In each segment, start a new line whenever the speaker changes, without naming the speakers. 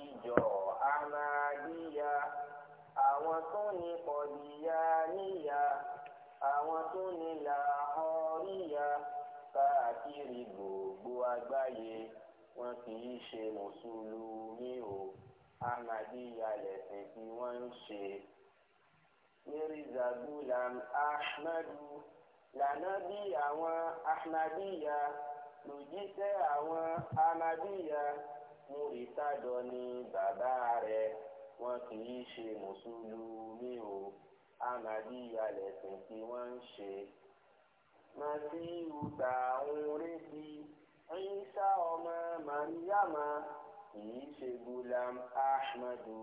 ìjọ Ahmadiyya àwọn tó ní Qadiyaniyya àwọn tó ní Lahoriyya káàkiri gbogbo àgbáyé wọn kì í ṣe mùsùlùmí o Ahmadiyya lẹ̀sìn tí wọ́n ń ṣe. Mirza Ghulam Ahmadu lànábì àwọn Ahmadiyya lòjíṣẹ́ àwọn Ahmadiyya múri tádọ ni bàbá rẹ̀ wọn kì í ṣe mùsùlùmí o amadiya lẹ̀sìn tí wọ́n ń ṣe. masiu ta ń retí Ìsá ọmọ mariama kì í ṣe gulam ahmadu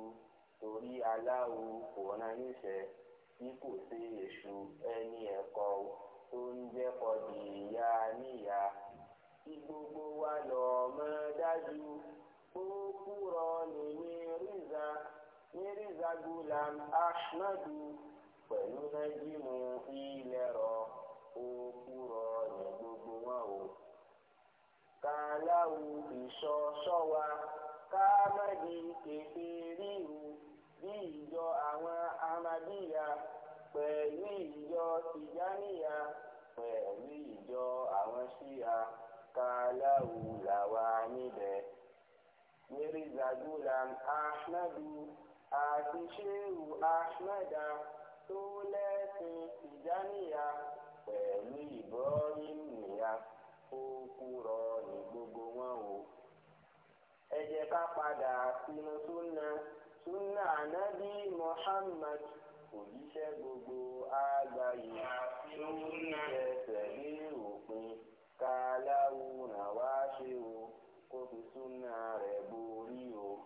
torí aláwo kò rán tí kò sí èṣù ẹni ẹ̀kọ́ tó ń jẹ́ kọdì ìyá níyà kí gbogbo wa lọ́ọ́ mọ̀ dájú. Fúkúrọ̀nì Mírízà Mírízà Gulam Ahmadu pẹ̀lú Nájímù Ilẹ̀rọ̀ Fúkúrọ̀nì gbogbo wọn o. Kàláwù ìṣọ́ ṣọ́wa káàmádì kété ríru bí ìjọ àwọn amadíyà pẹ̀lú ìjọ tìjáníyà pẹ̀lú ìjọ àwọn ṣíya kàláwù làwa níbẹ̀ mirza gulam ahmadu àti sheu ahmeda tó lẹ́sìn tìjáníyà pẹ̀lú ìbọ́rin nìyà ó kúrọ ní gbogbo wọn o. ẹ ká padà sínú súnà súnà ànábì muhammad òjíṣẹ́ gbogbo àgbáyé tó ń fẹsẹ̀ lé òpin ká láwùrán wá ṣe o kó fi súnà rẹ̀ borí o.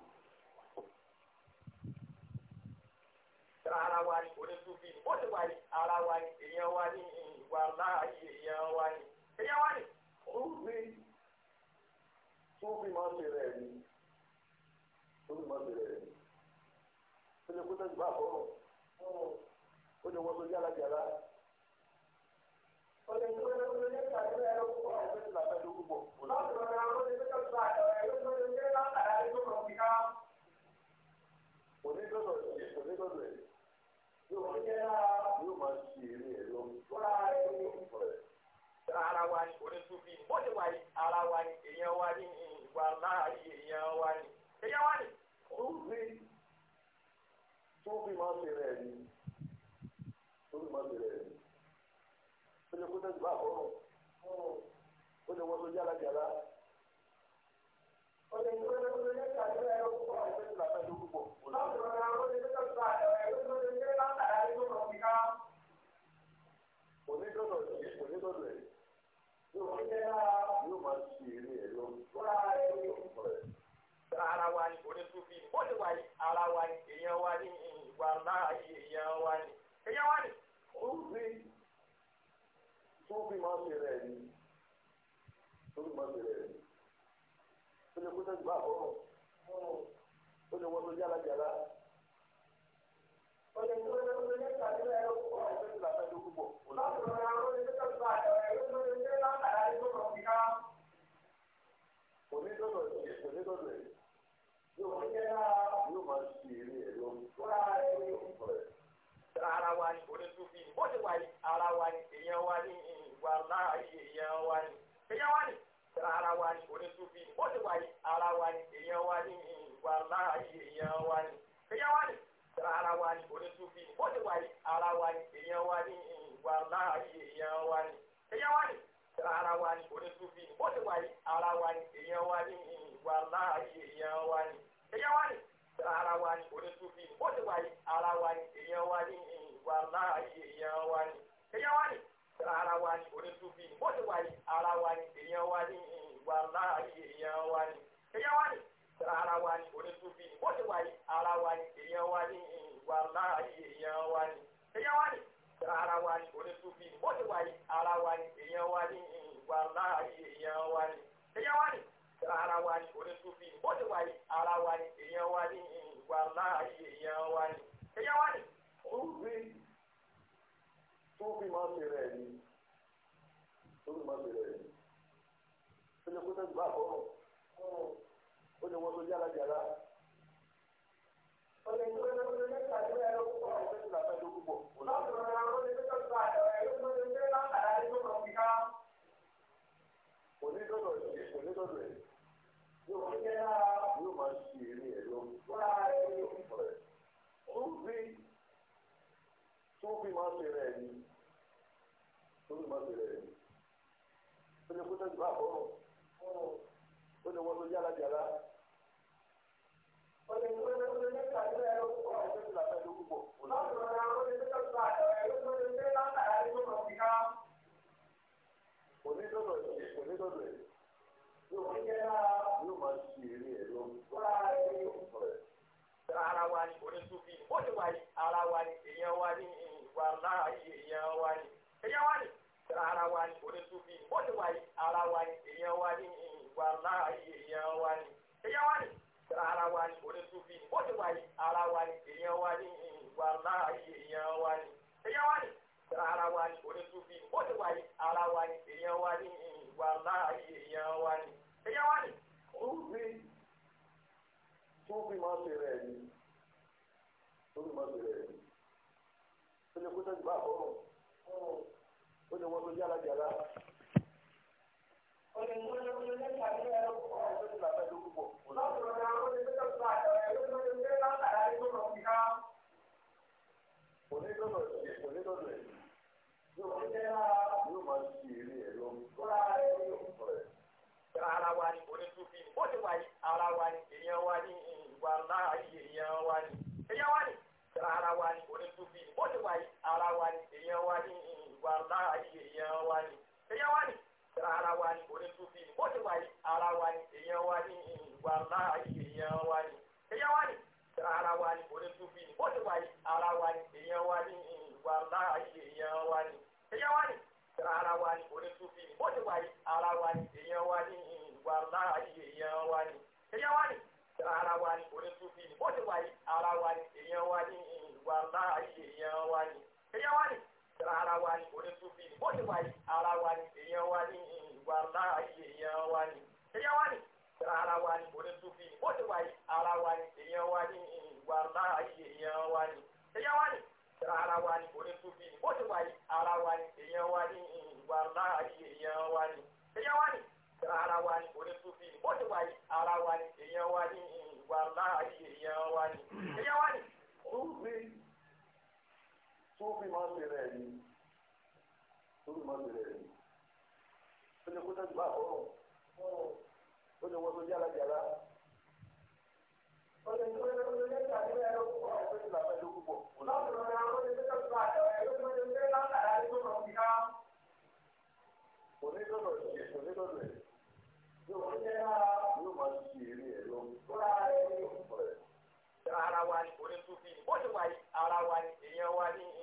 ara wa ni onísùfì ni bó ti wà ní ara wa ni èèyàn wa ní ìwà láàyè èèyàn wa ní èèyàn wa ní. Súfì
Súfì máa ń ṣe rẹ̀ ni Súfì máa ń ṣe rẹ̀ ni. Ó lè kó sẹ́yìn bá a bọ̀ ó lè wọ́n sójú alájàlá. Ó lè tó lè tó lè ní ìgbà tó lè rẹ́ lókùpọ̀. Ó lè tó lè rẹ́ lókùpọ̀. bá àbọ̀rọ̀ ó lè wọ́n tó yára yàrá. ara wa ni ara
wa ni èèyàn wa ni ìwà láàyè èèyàn wa ni èèyàn wa ara wa ni onísùfì ó ti wà ní ara wa ni èèyàn wa ní ìwà láàyè èèyàn wa ni èèyàn wa ni ara wa ni onísùfì ó ti wà ní ara wa ni èèyàn wa ní ìwà láàyè èèyàn wa ni èèyàn wa ni ara wa ni onísùfì ó ti wà ní ara wa ni èèyàn wa ní ìwà láàyè èèyàn wa ni èèyàn wa ni ara wa ni onísùfì ó ti wà ní ara wa ni èèyàn wa ní ìwà láàyè èèyàn wa ni èèyàn wa ni ara wa ni onísùfì ó ti wà ní ara wa ni èèyàn wa ní wà láàyè èèyàn wa ni èèyàn wa ni ara wa ni onítúbí ni ó ti wà yìí ara wa ni èèyàn wa ni wà láàyè èèyàn wa ni èèyàn wa ni ara wa ni onítúbí ni ó ti wà yìí ara wa ni èèyàn wa máa ń
bẹ̀rẹ̀ ni ni ó lè kó sẹ́jú bá àkọ́kọ́ ó lè wọ́n tó yára yàrá. ọ̀lẹ́ ìwé lọ́wọ́ lẹ́ka ìwé ẹ̀rọ púpọ̀ ọ̀lẹ́ ìwé lọ́wọ́ ẹ̀rọ púpọ̀ ọ̀lẹ́ ìwé lọ́wọ́ ẹ̀rọ púpọ̀ ọ̀lẹ́ ìwé ó lè wọ́n tó yára jàrá. ó lè tó lè tó lè ká ilé ẹ̀rọ kó wà ní ìlà pẹ̀lú púpọ̀. láti ọ̀rọ̀ ó lè tó lè tó ẹ̀rọ lè tó látara ní gbọ́dọ̀ fi ká. kò ní dọ̀dọ̀ ẹ̀ kò ní dọ̀dọ̀ ẹ̀. yóò máa ṣe yóò máa ṣe eré ẹ̀ lọ. ara wa
ni onítúbí ó lè wà ara wa ni èèyàn wa ni ìwà èèyàn wa ni èèyàn wa ni ara wa ni onítúbí ó lè wà ara wa ni èèyàn wa ni wà láàyè èèyàn wa ni èèyàn wa ni ara wa ni onítúbí ni ó ti wà yìí ara wa ni èèyàn wa ni wà láàyè èèyàn wa ni èèyàn wa ni ara wa ni onítúbí ni ó ti wà yìí ara wa ni èèyàn wa ni wà láàyè èèyàn wa ni èèyàn wa ní
wọ́n tó yára yàrá ara
wa ni onítúbí ni ó ti wà yìí ara wa ni èèyàn wa ni ìwà láàyè èèyàn wa ni èèyàn wa ni ara wa ni onítúbí ni ó ti wà yìí ara wa ni èèyàn wa ni ìwà láàyè èèyàn wa ni èèyàn wa ni ara wa ni onítúbí ni bó ti wà yìí ara wa ni èèyàn wa ni ìwà láàyè èèyàn wa ni èèyàn wa ni ara wa ni onítúbí ni bó ti wà yìí ara wa ni èèyàn wa ni ìwà láàyè èèyàn wa ni èèyàn wa ni ara wa ni onítúbí ni bó ti wà yìí ara wa ni èèyàn wa ni ìwà láàyè èèyàn wa ni èèyàn wa ni ara wa ni onítúbí ni bó ti wà yìí ara wa ni èèyàn wa ni ìwà láàyè èèyàn wa ni èèyàn wa ni ara wa ni onítúbí ni bóyá wa ni ara wa ni èèyàn wa ni ìwà láàyè èèyàn wa ni èèyàn wa ni ara wa ni onítúbí ni bóyá wa ni ara wa ni èèyàn wa ni ìwà láàyè èèyàn wa ni èèyàn wa ni ara wa ni onítúbí ni bóyá wa ni ara wa ni èèyàn wa ni ìwà láàyè èèyàn wa ni èèyàn wa ni ara wa ni onítúbí ni bóyá wa ni ara wa ni èèyàn wa ni ìwà láàyè èèyàn wa ni èèyàn
wa ni tó fi máa ṣe rẹ̀ ni tó fi máa ṣe rẹ̀ ni ó ní kó tẹ́jú bá àkọ́rọ̀ ó ní wọ́n tó yára yára. Ara wa ni ó ní wa ara
wa ni èèyàn wa ni.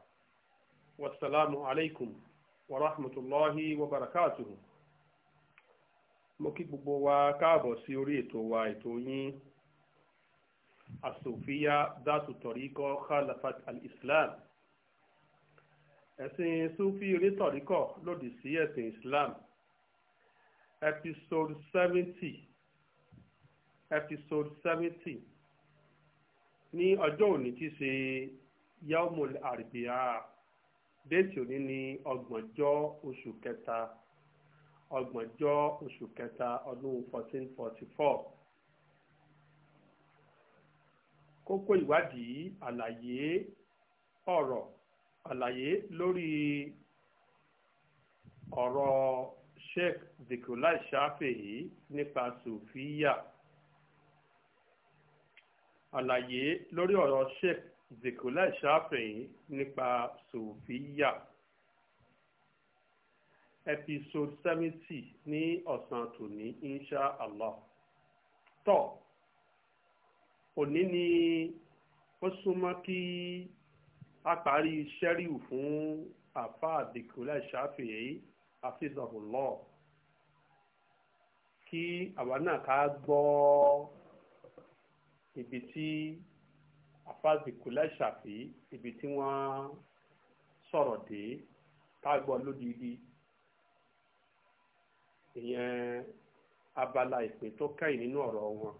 wasalaamu alaikum wa rahmatulahi wa barakatuhu mo kí gbogbo wa káàbọ̀ sí orí ètò wa ètò yín asòfíà dátù tọ̀ríkọ́ khalafat al-islam ẹ̀sìn sufi onítọ̀ríkọ̀ lòdì sí ẹ̀sìn islam episode seventy episode seventy ní ọjọ́ òní ti ṣe yaumul arbiya déètì òní ni ọgbọ̀njọ́ oṣù kẹta ọgbọ̀njọ́ oṣù kẹta ọdún fourteen forty four kókó ìwádìí àlàyé ọ̀rọ̀ àlàyé lórí ọ̀rọ̀ Sheikh Dhikrullah Shafii nípa Sufiya àlàyé lórí ọ̀rọ̀ Sheikh zikola Shafi'i nípa sofiya episode seventy ní ọ̀sán tòní insha allah tọ́ òní ni ó súnmọ́ kí a parí sẹ́ríù fún àfa zikola Shafi'i afizahullah kí àwa náà ká gbọ́ ibi tí àfàzìkúlẹ̀ ṣàfi ibi tí wọ́n sọ̀rọ̀ dé tágbọ́n lódìdí ìyẹn abala ìpín tó kẹ́yìn nínú ọ̀rọ̀ wọn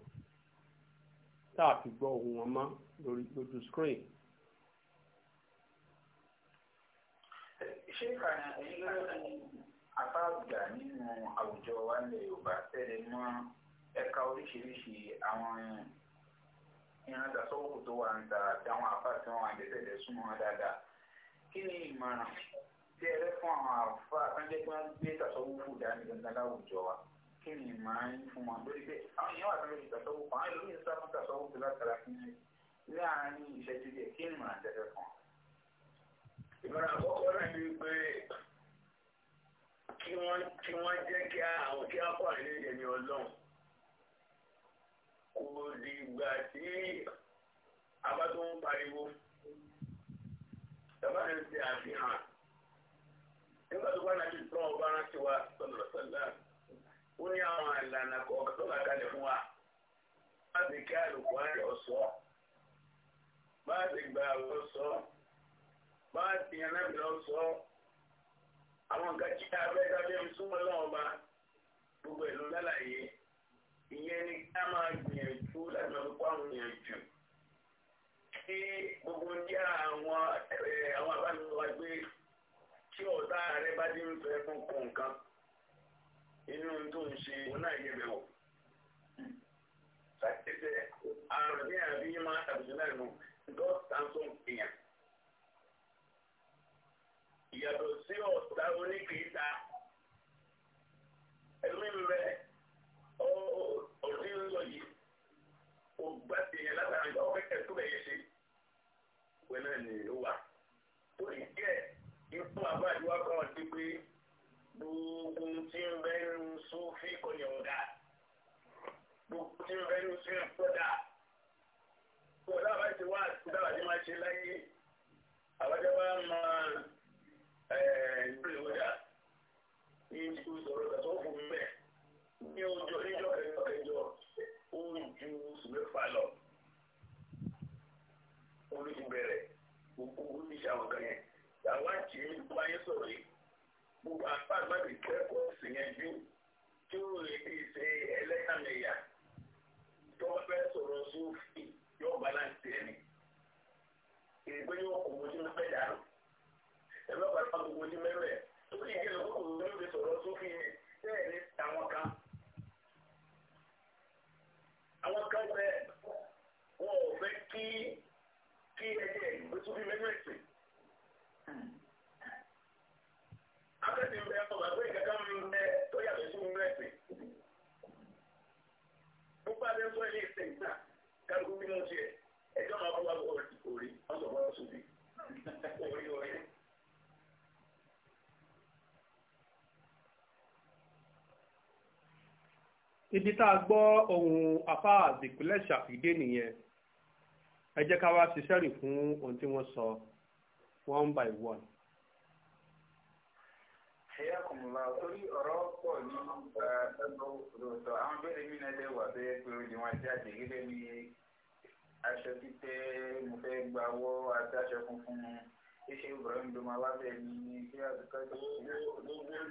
tá a fi gbọ́ ohùn wọn mọ́ lórí lójú screen.
ṣé kàná èyí ló ń apá àgbà nínú àwùjọ wa ilẹ̀ Yorùbá tẹ̀lé mọ́ ẹ̀ka oríṣiríṣi àwọn ìran ìdàsọ́wọ́kù tó wà níta àti àwọn àfà tí wọ́n wà jẹ́tẹ̀lẹ̀ súnmọ́ wọn dáadáa kí ni ìmọ̀ràn tí ẹ fẹ́ fún àwọn àfà àtúndé tí wọ́n gbé ìdàsọ́wọ́kù dání dandan láwùjọ wa kí ni ìmọ̀ràn yín fún wọn lórí bẹ́ẹ̀ àwọn èèyàn wà tó lórí ìdàsọ́wọ́kù àwọn èèyàn lórí ìsàkùn ìdàsọ́wọ́kù látara kí ni láàárín ìṣẹ́jú díẹ̀ kí ni ìmọ̀ràn ìmọ̀ràn àkọ́kọ́
kí wọ́n jẹ́ kí àwọn kí á pọ̀ àìlèyẹ̀ ní ọlọ́run kò dìgbà tí pariwo tàbá àfihàn nígbà tó bá nàbí tó ọba rántí wa sọlọ sọlá ó ní àwọn ìlànà kọ̀ọ̀kan tó làkàlẹ̀ fún wa má ti kí àlùkò sọ má gbà lọ sọ má ti yànnà mi sọ àwọn nǹkan ìyẹn ni ká máa gbìyànjú láti máa kó àwọn èèyàn kí gbogbo ní àwọn àwọn abánilọ́wà gbé tí ọ̀tá rẹ bá dín ń fẹ́ fún nǹkan inú tó ń ṣe òun náà yẹ bẹ̀wò.
Sàkẹ́sẹ̀ àrùn ní àbí máa tàbí náà nù God
Samson èèyàn. Ìyàtọ̀ sí ọ̀tá ẹ̀mí ògbà ti yẹn látàrí ìgbà ọ̀kẹ́kẹ́ tó bẹ̀yẹ ṣe pé náà ni ó wà tó lè jẹ́ ikú àbájúwá kan ti pé gbogbo tí ń bẹ́ nu sófì kọ́ni ọ̀dà gbogbo tí ń bẹ́ nu sí ọ̀dà kọ́dà bá ti wá àti dábàá ti máa ṣe láyé.
ibi tá a gbọ́ ohun afá àdìpínlẹ̀ ṣàfidé nìyẹn ẹ jẹ́ ká wá ṣiṣẹ́ rìn fún ohun tí wọ́n sọ one by one.
ẹ̀yà kùmùlà torí ọ̀rọ̀ pọ̀ ní ẹgbẹ́ àwọn bẹ́ẹ̀rẹ̀ mi náà dẹ́wà bẹ́ẹ̀ pé ojú wọn jáde gẹ́gẹ́ bí aṣọ títẹ́ mo fẹ́ gbawọ́ àti aṣọ funfun ṣíṣe ìbọ̀rọ̀ ń domọ́ wá bẹ́ẹ̀ ni bí àbíkọ́ tó ń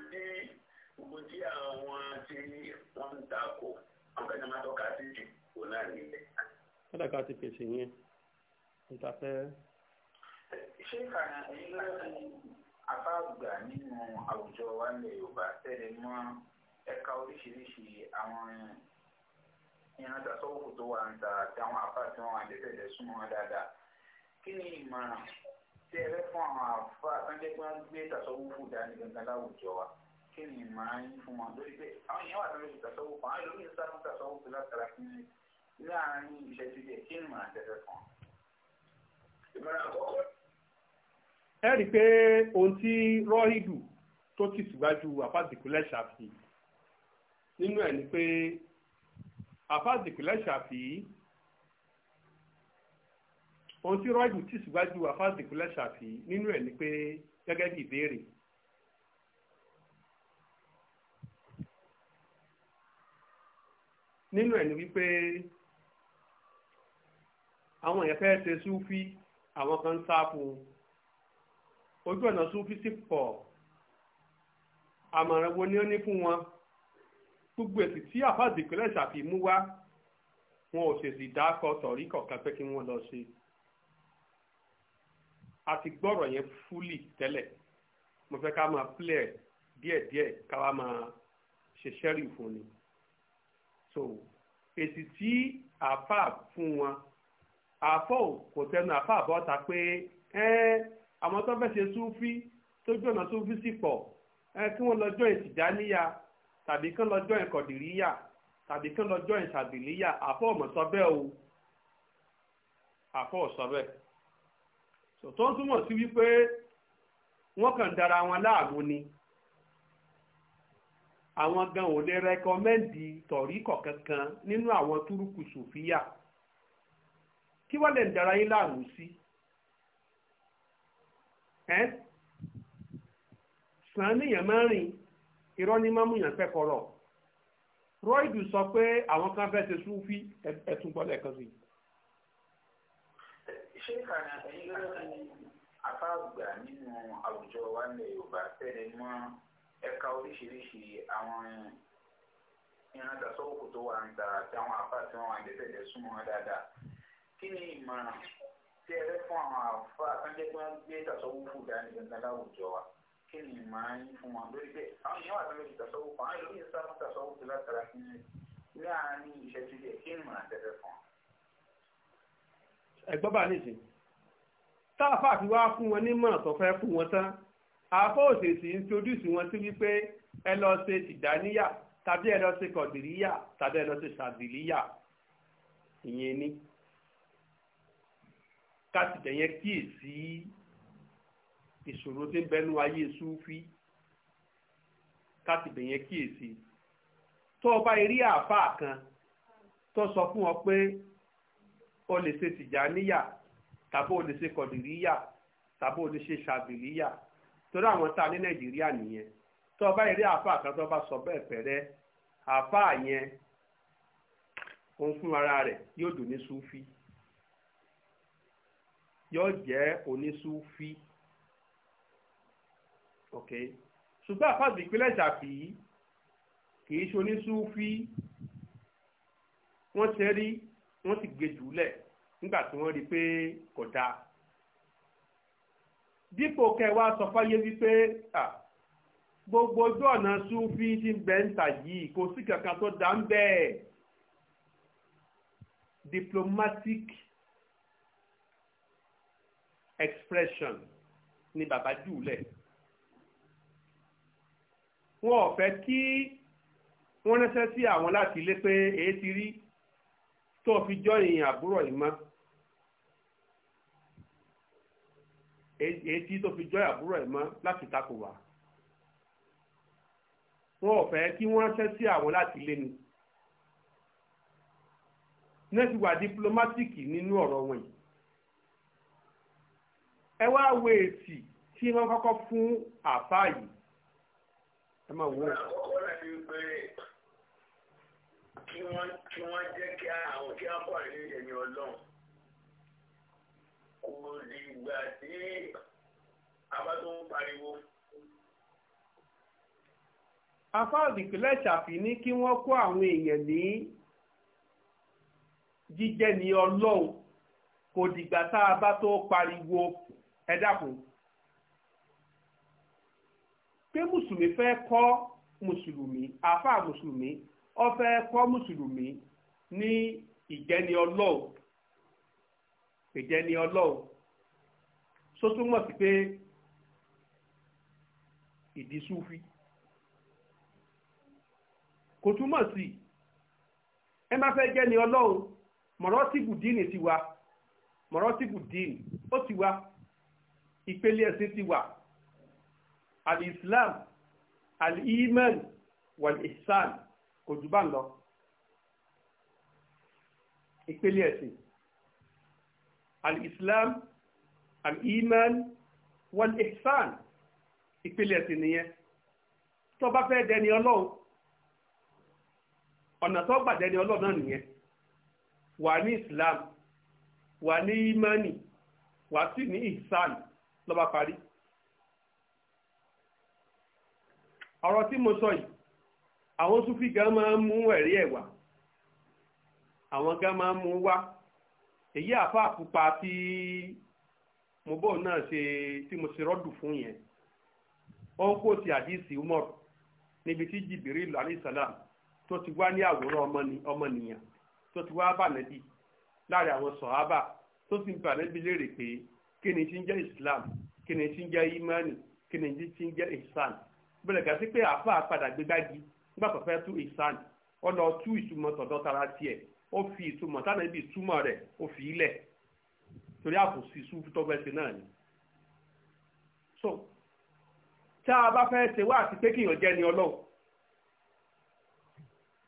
gbé gbogbo tí àwọn tí wọ́n ń takò àwọn kan ní máa tọ́ka sí jù kò náà ní ilẹ̀.
kódà ká ti fèsì yẹn níta fẹ́.
ṣé kàná èyí láti apá àgbà nínú àwùjọ wa ilẹ̀ Yorùbá tẹ́lẹ̀ mọ́ ẹ̀ka oríṣiríṣi àwọn ìran tasọ́wọ́fù tó wà ń ta àtàwọn apá tí wọ́n àdẹ́tẹ̀lẹ̀ súnmọ́ wọn dáadáa kí ni ìmọ̀ràn tí ẹ fẹ́ fún àwọn àfa tó ń jẹ́ pé gbé tasọ́wọ́fù dání gangan láwùjọ wa kéèyàn máa ń fún wọn lórí pé àwọn èèyàn wà lórí ìtàsọ́wọ́ kan àwọn ìlú ìsáré ìtàsọ́wọ́ pẹ̀lú àtàrà kí ní láàárín iṣẹ́ ti jẹ́ kéèyàn máa tẹ̀sẹ̀ kan. ìmọ̀ràn àkọ́kọ́.
ẹ rí i pé ohun tí rọ́ìdù tó ti síwájú àfàdìkúlẹ̀ ṣàfi nínú ẹ̀ ni pé àfàdìkúlẹ̀ ṣàfi ohun tí rọ́ìdù ti síwájú àfàdìkúlẹ̀ ṣàfi nínú ẹ̀ ni pé gẹ́gẹ́ bí ìbéèrè. nínú ẹ̀ ni wípé àwọn èèyàn fẹ́ ṣe súfí àwọn kan ń sá fún un ojú ọ̀nà súfí sì pọ̀ àmọ̀ràn wo ni ó ní fún wọn gbogbo èsì tí àfáàdì ìpínlẹ̀ ṣàfihàn wá wọn ò ṣèṣì dákọ tọ̀rí kọ̀ọ̀kan pé kí wọ́n lọ ṣe a ti gbọ́rọ̀ yẹn fúlì tẹ́lẹ̀ mo fẹ́ ká máa pílẹ̀ díẹ̀díẹ̀ ká wá máa ṣe ṣẹ́rì fún ni so èsì tí àáfà fún wọn àáfà ò kò tẹnu àáfà bọ́ta pé àwọn tó fẹ́ ṣe súfí tó jọ̀nà súfí sì pọ̀ kí wọ́n lọ́jọ́ ìtìjáníyà tàbí kán lọ́jọ́ ìkọ̀dìríyà tàbí kán lọ́jọ́ ìsàbìlíyà àáfà ò mọ̀ sọ bẹ́ẹ̀ o àáfà ò sọ bẹ́ẹ̀ tó ń túmọ̀ sí wípé wọ́n kàn dára wọn láàmú ni. So, àwọn gan ò lè rẹkọmẹ́ǹdì tọ̀ríkọ̀ kankan nínú àwọn túrúkù sòfíà kí wọ́n lè dára yín láàrú sí ẹ́ sàn níyàn mẹ́rin irọ́ ní mọ́mú yàn fẹ́ kọ̀rọ̀ rọ́ìdù sọ pé àwọn kan fẹ́ ṣe súnfí ẹ̀tún gbọ́dọ̀ kan sí.
ṣé kàná ẹ̀yin lọ́dọ̀ ni àbá àgbà nínú àwùjọ wa ní Yorùbá fẹ́ẹ́ mọ́ ẹ̀ka oríṣiríṣi àwọn ìran ìdásọ́wọ́kù tó wà níta àti àwọn àpá tí wọ́n wà nídẹ̀ẹ́dẹ̀ súnmọ́ wọn dáadáa kí ni ìmọ̀ràn tí ẹ fẹ́ fún àwọn àfa akẹ́kẹ́ tí wọ́n gbé ìdásọ́wọ́kù dání dandan láwùjọ wa kí ni ìmọ̀ràn yín fún wọn lórí pé àwọn èèyàn wà tó lórí ìdásọ́wọ́kù àwọn èèyàn lórí ìsáfún ìdásọ́wọ́kù látara kí ni láàárín ìṣẹ́jú díẹ̀ kí ni ìmọ̀ràn tẹ́fẹ́ fún wọn.
ẹ̀gbọ́n bá nísìn táàfà ti wá fún wọn fẹ́ fún wọn tán àfọ́ òṣèṣì ń introduce wọn sí wípé ẹ lọ ṣe tìdáníyà tàbí ẹ lọ ṣe kọ̀dìríyà tàbí ẹ lọ ṣe ṣàdìríyà ìyẹn ni kásìtẹ̀ yẹn kíyèsí ìṣòro tí ń bẹnu ayé súfí kásìtẹ̀ yẹn kíyèsí tó o bá rí àáfàá kan tó sọ fún ọ pé o lè ṣe tìjáníyà tàbí o lè ṣe kọ̀dìríyà tàbí o lè ṣe ṣàbìlíyà torí àwọn tá a ní nàìjíríà nìyẹn tó o bá rí àáfàá kan tó bá sọ bẹ́ẹ̀ pẹ̀rẹ́ àáfàá yẹn òun fún ara rẹ̀ yóò dùn ní súfì yóò jẹ́ onísúfì ok ṣùgbọ́n àfáàbí ìpínlẹ̀ ṣàfì kì í ṣe onísúfì wọ́n ṣe rí wọ́n sì gbé jùlẹ̀ nígbà tí wọ́n rí i pé kò dáa dípò kẹwàá sọ fáyé wípé gbogbo ojú ọ̀nà súnfí ti ń bẹ̀ ń tà yìí kò sí kankan tó dá ń bẹ́ẹ̀ diplomatic expression ni bàbá jùlẹ̀ wọn ò fẹ́ kí wọ́n ránṣẹ́ sí àwọn láti ilé pé èé ti rí tó fi jọ́ ìyìn àbúrò yìí èyí tó fi jọ́ àbúrò ẹ̀ mọ́ láti takò wá wọn ò fẹ́ kí wọ́n ránṣẹ́ sí àwọn láti lé ni nẹ́ẹ̀sì wà diplomatiki nínú ọ̀rọ̀ wọn yìí ẹ wá wo èsì tí wọ́n kọ́kọ́ fún àfáà yìí ẹ máa wò
kí wọ́n jẹ́ kí àwọn kí wọ́n kọ́ àìní ẹ̀yìn ọlọ́run kò dìgbà tí abá tó ń pariwo.
afáàdìkì lẹ́sàfì ní kí wọ́n kó àwọn èèyàn ní jíjẹ́ ní ọlọ́run kò dìgbà tá a bá tó pariwo ẹ pé mùsùlùmí fẹ́ kọ́ mùsùlùmí àáfàá mùsùlùmí ó fẹ́ kọ́ mùsùlùmí ní ìjẹni ọlọ́run ìjẹ́ ní ọlọ́run só túmọ̀ sí pé ìdí súfì kò túmọ̀ sí ẹ má fẹ́ jẹ́ ní ọlọ́run mọ̀rọ́tìbù díìnì ti wà mọ̀rọ́tìbù díìnì ó ti wà ìpele ẹ̀sìn ti wà al-islam al-iman wal-ihsan kò jù bá ń lọ ìpele ẹ̀sìn al-islam al-iman wal-ihsan ìpìlẹ̀ ẹ̀sìn nìyẹn tó bá fẹ́ dẹni ọlọ́run ọ̀nà tó gbà dẹni ọlọ́run náà nìyẹn wà ní islam wà ní imani wà sí ní ihsan ló parí ọ̀rọ̀ tí mo sọ yìí àwọn súfì gan máa ń mú ẹ̀rí ẹ̀ àwọn gan máa ń mú wá èyí àfa pupa tí mo bò náà ṣe tí mo ṣe rọ́dù fún yẹn ó ń kó ti àdìsí umar níbi tí jibril alayhisalam tó ti wá ní àwòrán ọmọnìyàn tó ti wá bá nẹ́bí láàrin àwọn sọ̀hábà tó sì ń bà nẹ́bí léèrè pé kí ni ti ń jẹ́ islam kí ni ti ń jẹ́ imani kí ni ti ń jẹ́ ihsan bẹ̀rẹ̀ gàtí pé àfa padà gbégbági nígbà tó fẹ́ tú ihsan ọ̀nà tú ìtumọ̀ tọ̀dọ̀ tara tiẹ̀ ó fi ìtumọ̀ tánà ibi ìtumọ̀ rẹ̀ ó fi ilẹ̀ torí àbòsí súfì fẹ́ ṣe náà ni. so tá a bá fẹ́ ṣe wá àti pé kí èèyàn jẹ́ ẹni ọlọ́run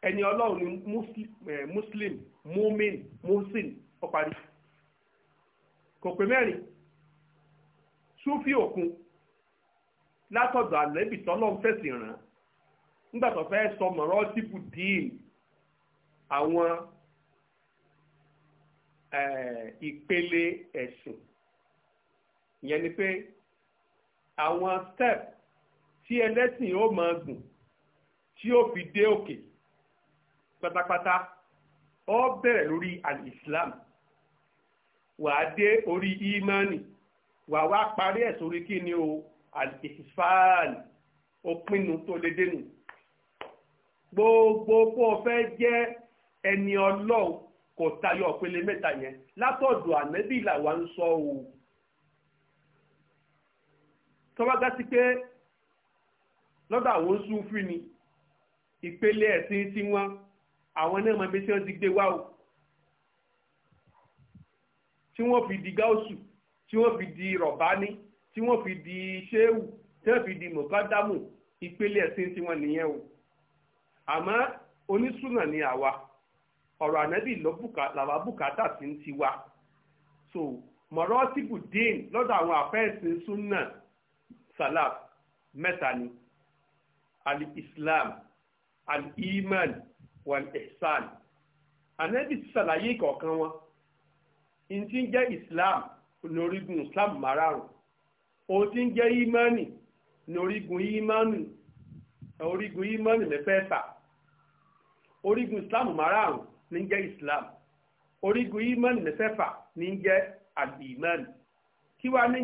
ẹni ọlọ́run ni muslim mumin Muslim, ó parí kò pé mẹ́rin súfì òkun látọ̀dọ̀ àlẹ́bí tọ́lọ́run fẹ̀sìn ràn nígbà tó fẹ́ sọ mọ̀rọ́ tìbù díìn àwọn Eh, ìpele ẹ̀sìn ìyẹn ni pé àwọn step tí ẹlẹ́sìn ó máa gùn tí ó fi dé òkè pátápátá ó bẹ̀rẹ̀ lórí al-Islam wàá dé orí imani wàá wá parí ẹ̀ sórí kí ni o al-isfaali ó pinnu tó lè dénú gbogbo kó o fẹ́ jẹ́ ẹni ọlọ́run kò tayọ ìpele mẹ́ta yẹn látọ̀dọ̀ ànẹ́bí làwa ń sọ o tọ́wágá sí pé lọ́dọ̀ àwọn Súfì ni ìpele ẹ̀sìn tí wọ́n àwọn náà mọ ibi tí wọ́n ti gbé wá o tí wọ́n fi di gáúsù tí wọ́n fi di rọ̀bání tí wọ́n fi di ṣéwù tí wọ́n fi di mọ̀kádámù ìpele ẹ̀sìn tí wọ́n nìyẹn o àmọ́ onísùnà ni àwa ọ̀rọ̀ ànábì làwa bùkátà sí ń tiwa so mọ̀rọ́ tìbùdín lọ́dọ̀ àwọn àfẹ́sìn súnà salaf mẹ́ta ni al-islam al-iman wal-ihsan ànábì ti ṣàlàyé ìkọ̀ọ̀kan wọn ohun tí ń jẹ́ islam ní orígun islam márààrún ohun tí ń jẹ́ imani ní orígun imani orígun imani mẹ́fẹ̀ẹ̀ta orígun islam márààrún ní jẹ́ islam orígun imani mẹ́fẹ̀ẹ̀fà ní jẹ́ al-imani kí wàá ní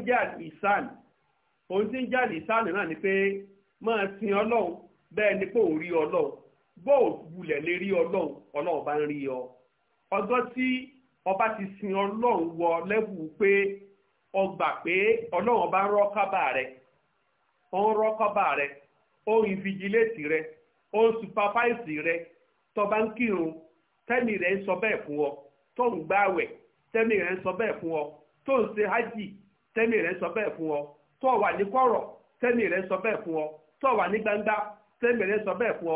ohun ti ń jẹ́ al náà ni pé máa sin ọlọ́run bẹ́ẹ̀ ni pé rí ọlọ́run bó o lè rí ọlọ́run ọ ọjọ́ tí ọba ti sin ọlọ́run wọ lẹ́wù pé ọgbà pé ọlọ́run ọba ń rọ́ kábà ó ń rọ́ kábà ó ń ó ń tẹ́mi rẹ̀ ń sọ bẹ́ẹ̀ fún ọ tó ń gbààwẹ̀ tẹ́mi rẹ̀ ń sọ bẹ́ẹ̀ fún ọ tó ń ṣe tẹ́mi rẹ̀ ń sọ bẹ́ẹ̀ fún ọ tó wà ní kọ̀rọ̀ tẹ́mi rẹ̀ ń sọ bẹ́ẹ̀ fún ọ tó wà ní gbangba tẹ́mi rẹ̀ ń sọ bẹ́ẹ̀ fún ọ ó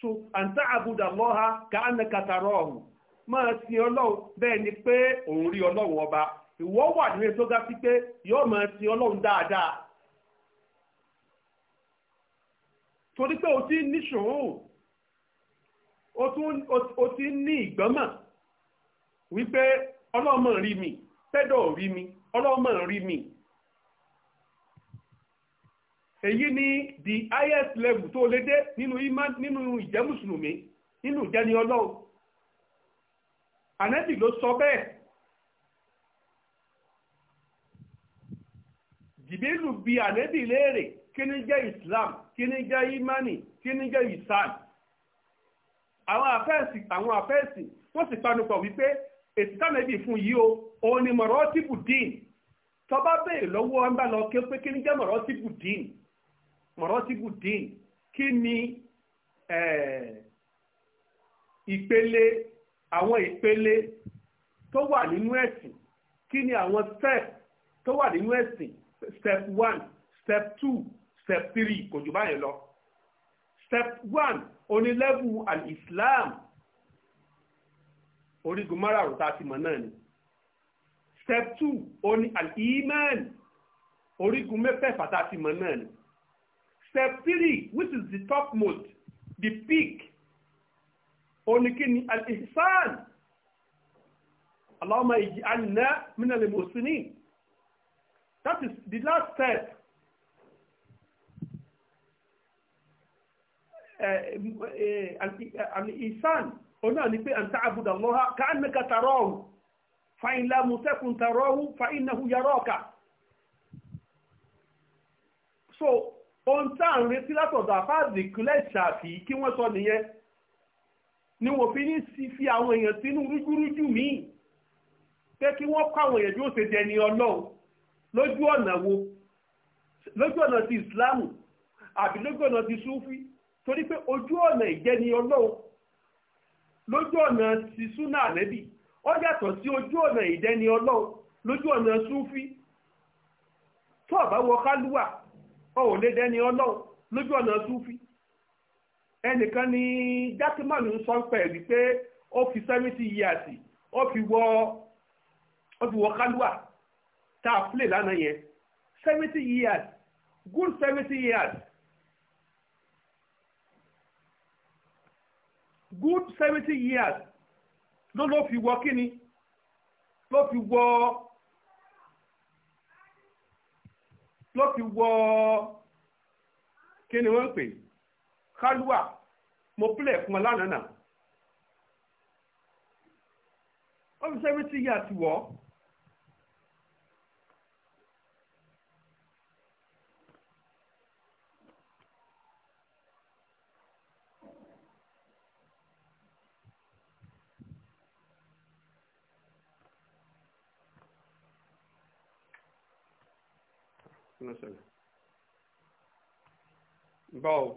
so àǹtá lọ́ha máa ọlọ́run bẹ́ẹ̀ torí pé o ti ní ṣòro o ti ní ìgbọ́mọ̀ wípé ọlọ́mọ rí mi tẹ́dọ̀ rí mi ọlọ́mọ rí mi èyí ni the highest level tó lé dé nínú ìjẹ́ mùsùlùmí nínú ìjẹ́ni ọlọ́run ànẹ́bì ló sọ bẹ́ẹ̀ jìbìlù bi ànẹ́bì léèrè kí jẹ́ islam kí jẹ́ imani kí jẹ́ isan àwọn àfẹ́ẹ̀sì àwọn àfẹ́ẹ̀sì wọ́n sì panupọ̀ wípé èsì táwọn ẹbí fún yìí o òun ni mọ̀rọ́ tìbù dín tọ́ba béèrè lọ́wọ́ ẹ̀ ń bá lọ ké pé kí ni jẹ́ mọ̀rọ́ tìbù dín mọ̀rọ́ tìbù dín kí ni ìpele àwọn ìpele tó wà nínú ẹ̀sìn kí ni àwọn step tó wà nínú ẹ̀sìn step one step two step three kò jù báyẹn lọ step one onílẹ́bù al-islam orígun márààrún tá a ti mọ̀ náà ni step two oní al-iman orígun mẹ́fẹ̀ẹ̀fà tá a ti mọ̀ náà ni step three which is the topmost the peak oníkíni al-ihsan Allahumma ij'alna minal muhsinin that is the last step al-ihsan òun náà ni pé an ta'budu Allaha ka'annaka tarahu fa in lam takun ọhụ fa innahu yaraka so ohun tá à ń retí látọ̀dọ̀ àfáàdì ìpínlẹ̀ ṣàfi kí wọ́n sọ nìyẹn ni wọ́n fi ní Ni àwọn èèyàn sínú rújúrújú míì pé kí wọ́n kọ́ àwọn èèyàn bí ó ṣe dẹni ọlọ́run lójú ọ̀nà wo lójú ọ̀nà ti ìsìláàmù abi lójú ọ̀nà ti torí pé ojú ọ̀nà ìjẹni ọlọ́run lójú ọ̀nà sísúnà ànẹ́bì ó yàtọ̀ sí ojú ọ̀nà ìdẹni ọlọ́run lójú ọ̀nà súfí tó ọ̀bá wọ kálúwà ó ò lè dẹni ọlọ́run lójú ọ̀nà súfí ẹnìkan ni jákèmánù ń sọ pẹ̀ wípé ó fi sẹ́mítì yí àti ó fi wọ ó kálúwà tá a fúlè lánàá yẹn sẹ́mítì yí àti good sẹ́mítì yí àti good seventy years ló ló fi wọ kíni ló fi wọ ló fi wọ kíni wọ́n ń pè kálúà mo pílẹ̀ fún ọ lánàá náà ó fi seventy years wọ̀ وسلم باب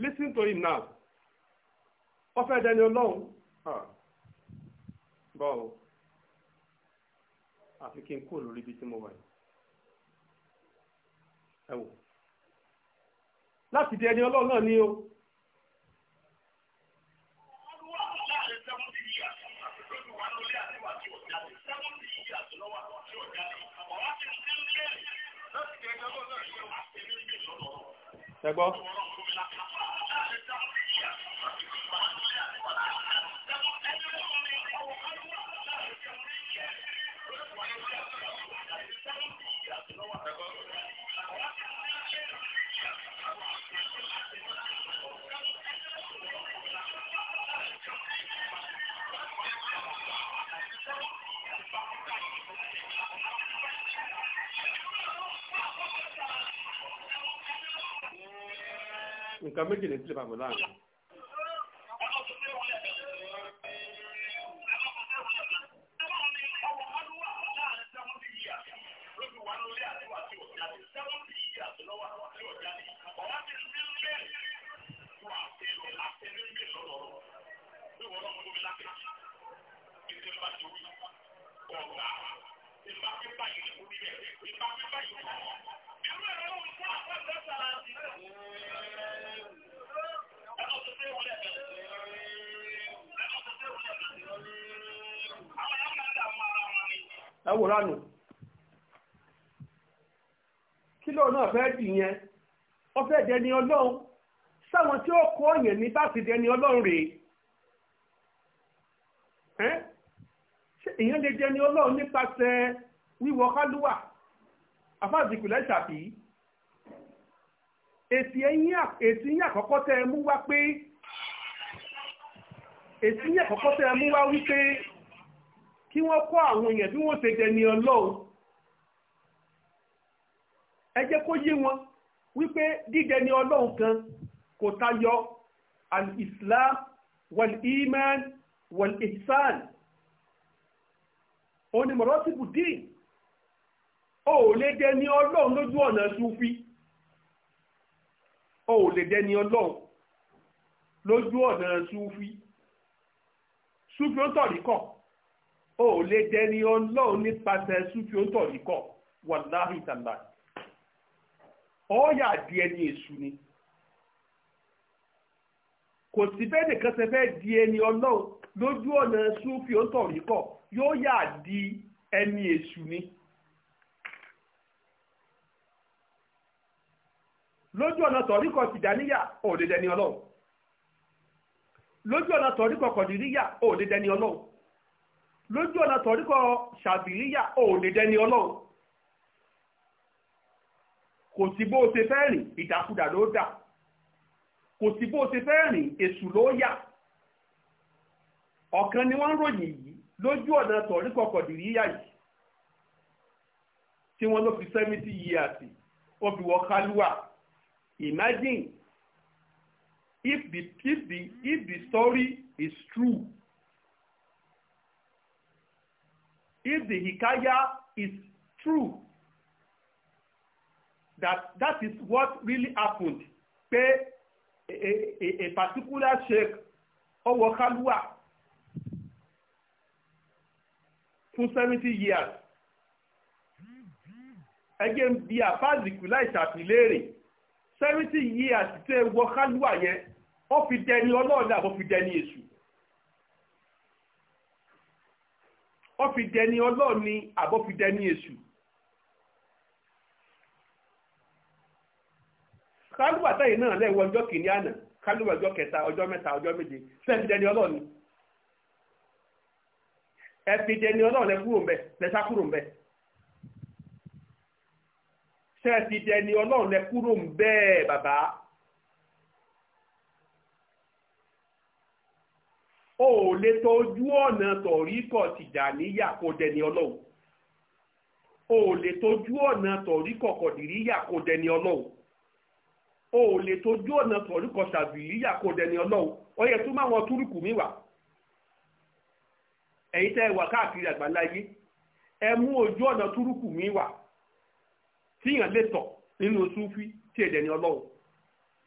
listen to him now ọfẹ dẹni Ọlọ́run bọ́ọ̀ àfi kí n kúrò lórí ibi tí mo wà yìí ẹ wò ṣẹgbọ́. ka méjì ní sílẹ̀ dẹni ọlọ́run sáwọn tí ó kọ́ ọ̀yàn ní bá ti dẹni ọlọ́run rèé èèyàn lè dẹni ọlọ́run nípasẹ̀ wíwọ kálúwà afáàzìkùlẹ̀ ṣàbí èsì yín àkọ́kọ́ tẹ́ ẹ mú wá pé èsì yín àkọ́kọ́ tẹ́ ẹ mú wá wípé kí wọ́n kọ́ àwọn èèyàn bí wọ́n ṣe dẹni ọlọ́run ẹ jẹ́ kó yé wọn wípé dídẹni ọlọ́run kan kò tayọ al-islam wal-iman wal-ihsan onímọ̀rọ́sìbù dín o ò lè dẹni ọlọ́run lójú ọ̀nà sufi o ò lè dẹni ọlọ́run lójú ọ̀nà sufi sufi ó tọ̀rí kọ̀ o ò lè dẹni ọlọ́run nípasẹ̀ sufi ó tọ̀rí kọ̀ wàláhìtàláì ọ̀ọ́yà di ẹni èṣù ni kò sí bẹ́ẹ̀ nìkan ṣe fẹ́ di ẹni ọlọ́run lójú ọ̀nà súnfì òǹtọ̀ríkọ̀ yóò yà di ẹni èṣù ni. lójú ọ̀nà tọ̀ríkọ̀ tìjàníyà òdedẹni ọlọ́run lójú ọ̀nà tọ̀ríkọ̀ kọ̀dìríyà òdedẹni ọlọ́run lójú ọ̀nà tọ̀ríkọ̀ ṣàbìríyà òdedẹni ọlọ́run kò sí bó ṣe fẹ́ rìn ìdàkudà ló dà kò sí bó ṣe fẹ́ rìn èṣù ló yà ọ̀kan ni wọ́n ń ròyìn yìí lójú ọ̀nà tọ̀rí kọkọ̀dìrí yà yìí tí wọ́n ló fi seventy years ó fi wọ kálúwà imagine if the if the if the story is true if the hikaya is true that that is what really happened pé a, a, a particular sheikh ọwọ́ kálúwà fún seventy years ẹgbẹ́ ń bi àfáàzìkú láì ṣàpìlérè seventy years tẹ́ wọ kálúwà yẹn ó fi dẹni ọlọ́ọ̀dà ó fi dẹni èṣù ó fi dẹni ọlọ́ọ̀ni àbó fi dẹni èṣù. kálùwà tẹ́yìn náà lẹ́wọ̀ ọjọ́ kìíní àná kálùwà ọjọ́ kẹta ọjọ́ mẹ́ta ọjọ́ méje fẹ́ẹ́ fi dẹni ọlọ́ọ̀ni ẹ fi dẹni ọlọ́ọ̀ni kúrò mbẹ lẹ́sà kúrò mbẹ fẹ́ẹ́ ọlọ́ọ̀ni kúrò mbẹ bàbá. o ò lè tọ́jú ọ̀nà tọ̀ríkọ̀ tìjàníyà kó dẹni ọlọ́wọ́ o ò lè tọ́jú ọ̀nà tọ̀ríkọ̀ kọ̀dìríyà kó dẹni ọlọ́wọ́ o ò lè tójú ọ̀nà tọ̀ríkọ ṣàbìlíyà kò dẹni ọlọ́run ó yẹ tó máa mi wà Eyi tẹ́ wà káàkiri àgbáláyé ẹ mú ojú ọ̀nà mi wà tíyàn lè tọ̀ nínú súfí tí èdè ni ọlọ́run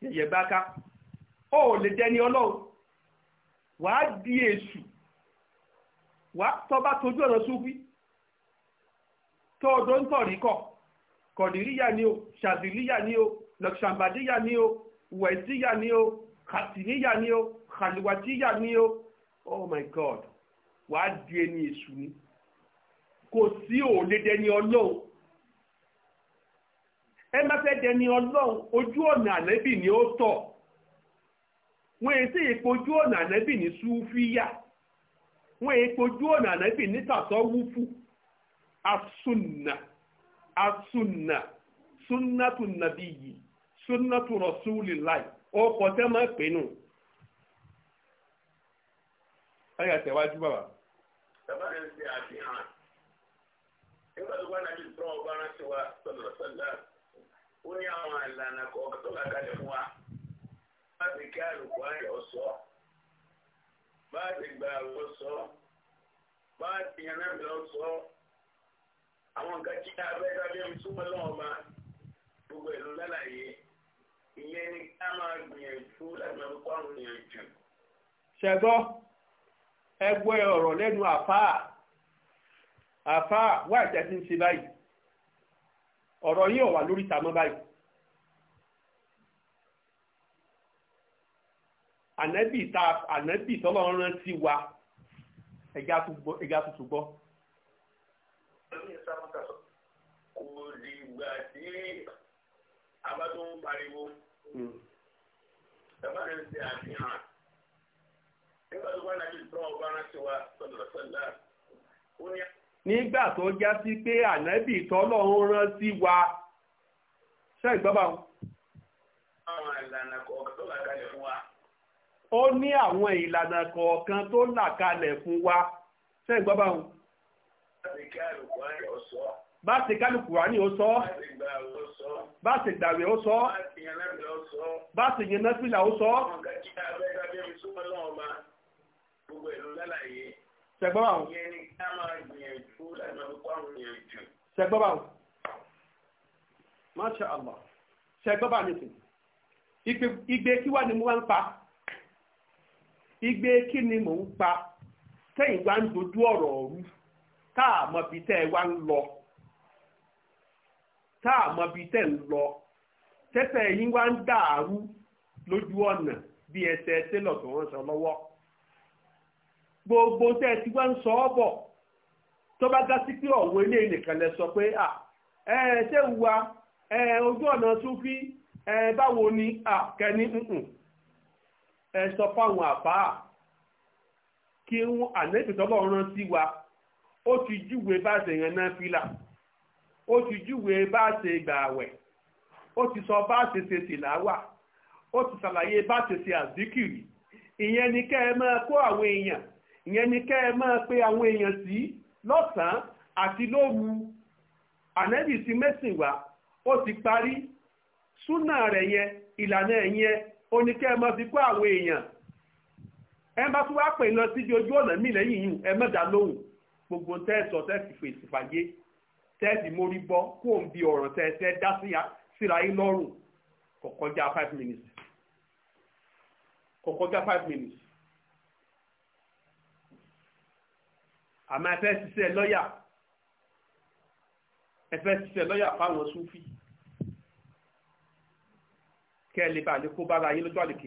yẹ̀yẹ̀ bá ká lè dẹni ọlọ́run wàá di èṣù wàá tọ́ba tójú ọ̀nà súfí tó tọ̀ríkọ̀ ni o ṣàbìlíyà ni o nọ̀ṣàmbàdíyà ni o wẹ̀díyà ni o kàtìníyà ni o kàlùwàtíyà ni o oh my god wàá di ẹni èṣù ni kò sí òòlé dẹni ọlọ́run ẹ má fẹ́ dẹni ọlọ́run ojú ọ̀nà ànẹ́bì ni ó tọ̀ wọ́n èyí sí ìpojú ọ̀nà ànẹ́bì ní súfíyà wọ́n èyí pojú ọ̀nà ànẹ́bì ní tàtọ́wúfù asúnà asúnà súnà tùnàbí yìí sunnatu rasulillahi ó kọ tẹ́ máa pè nù. ayé àtẹ̀wájú bàbá.
bàbá rẹ̀ ṣe àfihàn nígbà tó bá nàbí sọ ọba rántí wa sọ̀rọ̀ sọ̀lá ó ní àwọn ìlànà kọ̀ọ̀kan tó là kalẹ̀ fún wa má ti kí àlùkò ayé ọ̀sọ́ má ti gbà àwọn sọ má ti yànnà mi ọ̀sọ́ àwọn nǹkan tí a bẹ́ẹ̀ mi súnmọ́ lọ́wọ́ ma gbogbo ìlú lálàyé ìyẹn ni ká máa gbìyànjú láti máa kọ́ àwọn èèyàn jù.
ṣẹgbọ́ ẹgbẹ́ ọ̀rọ̀ lẹ́nu àfáà àfáà wá ìjà tí ń ṣe báyìí ọ̀rọ̀ yìí ò wà lórí ìtàmọ́ báyìí. ànábì tá ànábì tọ́lọ́run rántí wa ẹ̀gá tuntun gbọ́.
kò dìgbà tí a bá tó ń pariwo. Ẹ̀fọ́ rẹ̀ ṣe àfihàn. Nígbà tó bá lájú tọ́ ọba rántí wa sọ̀lọ̀sọ̀lá, ó ní.
Nígbà tó já sí pé ànábì tọ́lọ́run rán sí wa, ṣé wọn?
Àwọn ìlànà kọ̀ọ̀kan tó là fún wa.
Ó ní àwọn ìlànà kọ̀ọ̀kan tó là fún wa, ṣé wọn?
Láti ká àlùkò ayọ̀
sọ bá ṣe kálukú wà ní ó sọ
bá ṣe gbàwẹ̀ ó sọ bá ṣe yẹn nọ́fìlà ó sọ. sẹgbọ́n àwọn.
sẹgbọ́n àwọn. masha allah sẹgbọ́n àwọn nìkan igbe kí wà ní mo wá ń pa igbe kí ni mò ń pa sẹ́yìn wá ń dojú ọ̀rọ̀ ọ̀rú káà mọ̀ bí tẹ́ ẹ wá ń lọ tá a mọ bíi tẹ̀ ń lọ tẹ́sẹ̀ yín wá ń dàrú lójú ọ̀nà bí ẹsẹ̀ tẹ́lọ̀ tó ń sọ lọ́wọ́ gbogbo tẹ́ ẹ ti wá ń sọ ọ́ bọ̀ tó bá dá sí pé ọ̀wọ́ ilé nìkan lẹ sọ pé à ẹ ṣé wùwà ẹ ojú ọ̀nà súnfí ẹ báwo ni à kẹ́ni nùn ẹ sọ fáwọn àbáà kí ànẹ́bìtọ́lọ́run sí wa ó ti júwe bá ṣèyàn náà fìlà. otu ti júwèé bá a ti sọ bá a ṣe ti ṣàlàyé bá a ṣe ṣe àzíkìrì ìyẹn àwọn èèyàn pe àwọn èèyàn sí lọ́sàn àti lóru ànẹ́bì ti mẹ́sìn wá ti parí ìlànà kó àwọn èèyàn pè ojú ọ̀nà mí lẹ́yìn yìí gbogbo tẹ́ fèsì tẹ́ẹ̀dì mórí bọ́ kó o bi ọ̀rọ̀ tẹ́ dá síra yín lọ́rùn five minutes kò five minutes àmọ́ ẹ fẹ́ ṣiṣẹ́ lọ́yà ẹ fẹ́ ṣiṣẹ́ lọ́yà fáwọn súfì kẹ́ ẹ lè bá kó bára yín lọ́jọ́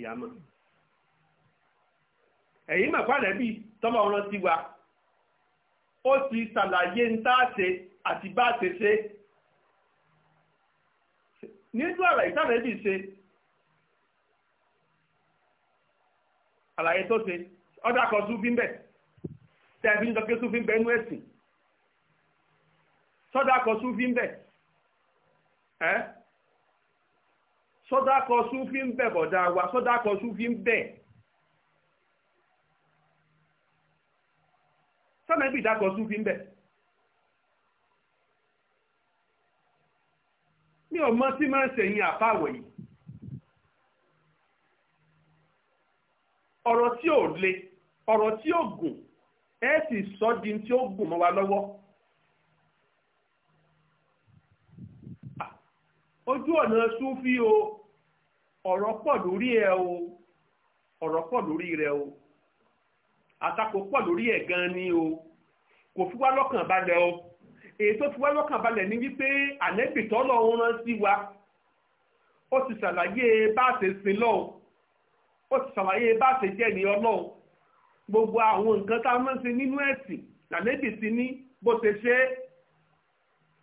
ti wa ó ti ṣàlàyé ń àti bá ṣe ṣe nínú àlàyé tánàbí ṣe àlàyé tó ṣe ọdọ akọ súnfí ń bẹ tẹ̀bí ń sọ pé súnfí ń bẹ nú ẹ̀sìn sọdọ akọ súnfí ń bẹ ẹ́ sọdọ akọ súnfí ń bẹ bọ̀dá wa sọdọ akọ súnfí ń bẹ sọdọ akọ ń bẹ. mi ò mọ tí máa ń sẹ̀yìn àfáwẹ̀ yìí ọ̀rọ̀ tí ò le ọ̀rọ̀ tí ò gùn ẹ sì sọ di tí ó gùn mọ́ wa lọ́wọ́ ojú ọ̀nà súnfí o ọ̀rọ̀ pọ̀ lórí ẹ o ọ̀rọ̀ pọ̀ lórí rẹ o àtakò pọ̀ lórí ẹ̀ gan ni o kò fi wá lọ́kàn balẹ̀ o. èyí tó fi wá lọ́kànbalẹ̀ ní wípé ànẹ́bì tọ́lọ̀ ń rán sí wa ó ti ṣàlàyé bá a ṣe sin lọ́hùn ó ti ṣàlàyé bá a ṣe jẹ́ ní ọlọ́hùn gbogbo àwọn nǹkan tá a máa ń ṣe nínú ẹ̀sìn lànẹ́bì ti ní bó ṣe ṣe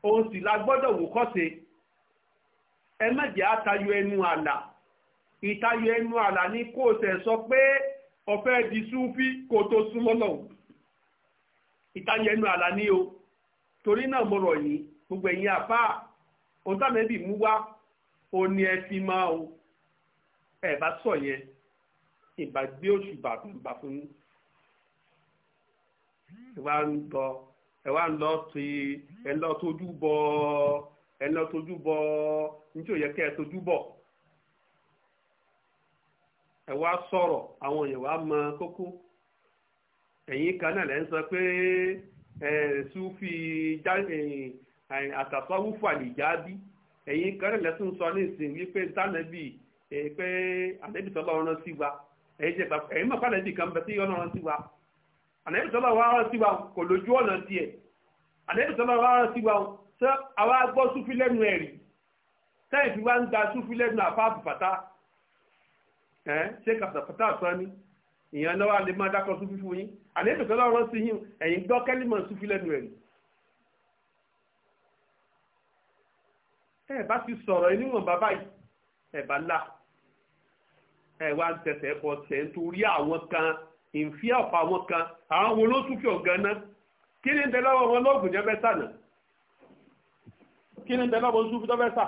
òun sì la gbọ́dọ̀ wò kọ́ṣe ẹ má jẹ́ àtayọ ẹnu àlà ìtayọ ẹnu àlà ni kó o ṣẹ̀ sọ pé ọ̀fẹ́ di súfí kó o tó súnmọ́ lọ́hùn ìtayọ ẹnu àlà ni o torí náà mo rọ̀ yín gbogbo ẹ̀yin àfá ohun tánẹ́bì mú wá ó ní ẹ fi máa o ẹ bá sọ yẹn ìbá gbé oṣù bàbà fún yín ẹ wá ń lọ ẹ wá ń lọ sí ẹ lọ tójú bọ ẹ lọ tójú bọ nítorí yẹ kẹ ẹ tójú bọ ẹ wá sọ̀rọ̀ àwọn èèyàn wá mọ kókó ẹ̀yin kan náà lẹ ń sọ pé. Eh, sufi eh, eh, àtàsáwùfù àlìjáàbí ẹ̀yin kan náà sọ ní ìsìn wípé tánàbì pé ànábì sọ́lá ọ̀rọ̀ sí wa ẹ̀yin jẹ́ pàpẹ́ ẹ̀yin mọ̀pá ànábì kan bẹ́ẹ̀ sí ọ̀nà ọ̀rọ̀ sí wa ànábì sọ́lá ọ̀rọ̀ sí wa kò lójú ọ̀nà sí wa sufi fi wá ń sufi ìyẹn lọ́wọ́ alẹ́ máa dákọ̀ súnfì fún yín àlejò tó lọ́rọ́ sí yín ẹ̀yin gbọ́ kẹ́límọ̀ súnfì lẹ́nu ẹ̀ ẹ bá ti sọ̀rọ̀ níwọ̀n bàbá yìí ẹ bá là ẹ wá ń tẹ̀sẹ̀ bọ̀ tẹ̀ nítorí àwọn kan ìfíà ọ̀pọ̀ àwọn kan àwọn wo ló súnfì ọ̀gán náà kí ni ń tẹ lọ́wọ́ wọn lóògùn jẹ́ fẹ́ sà náà kí ni ń tẹ lọ́wọ́ súnfì tó fẹ́ sà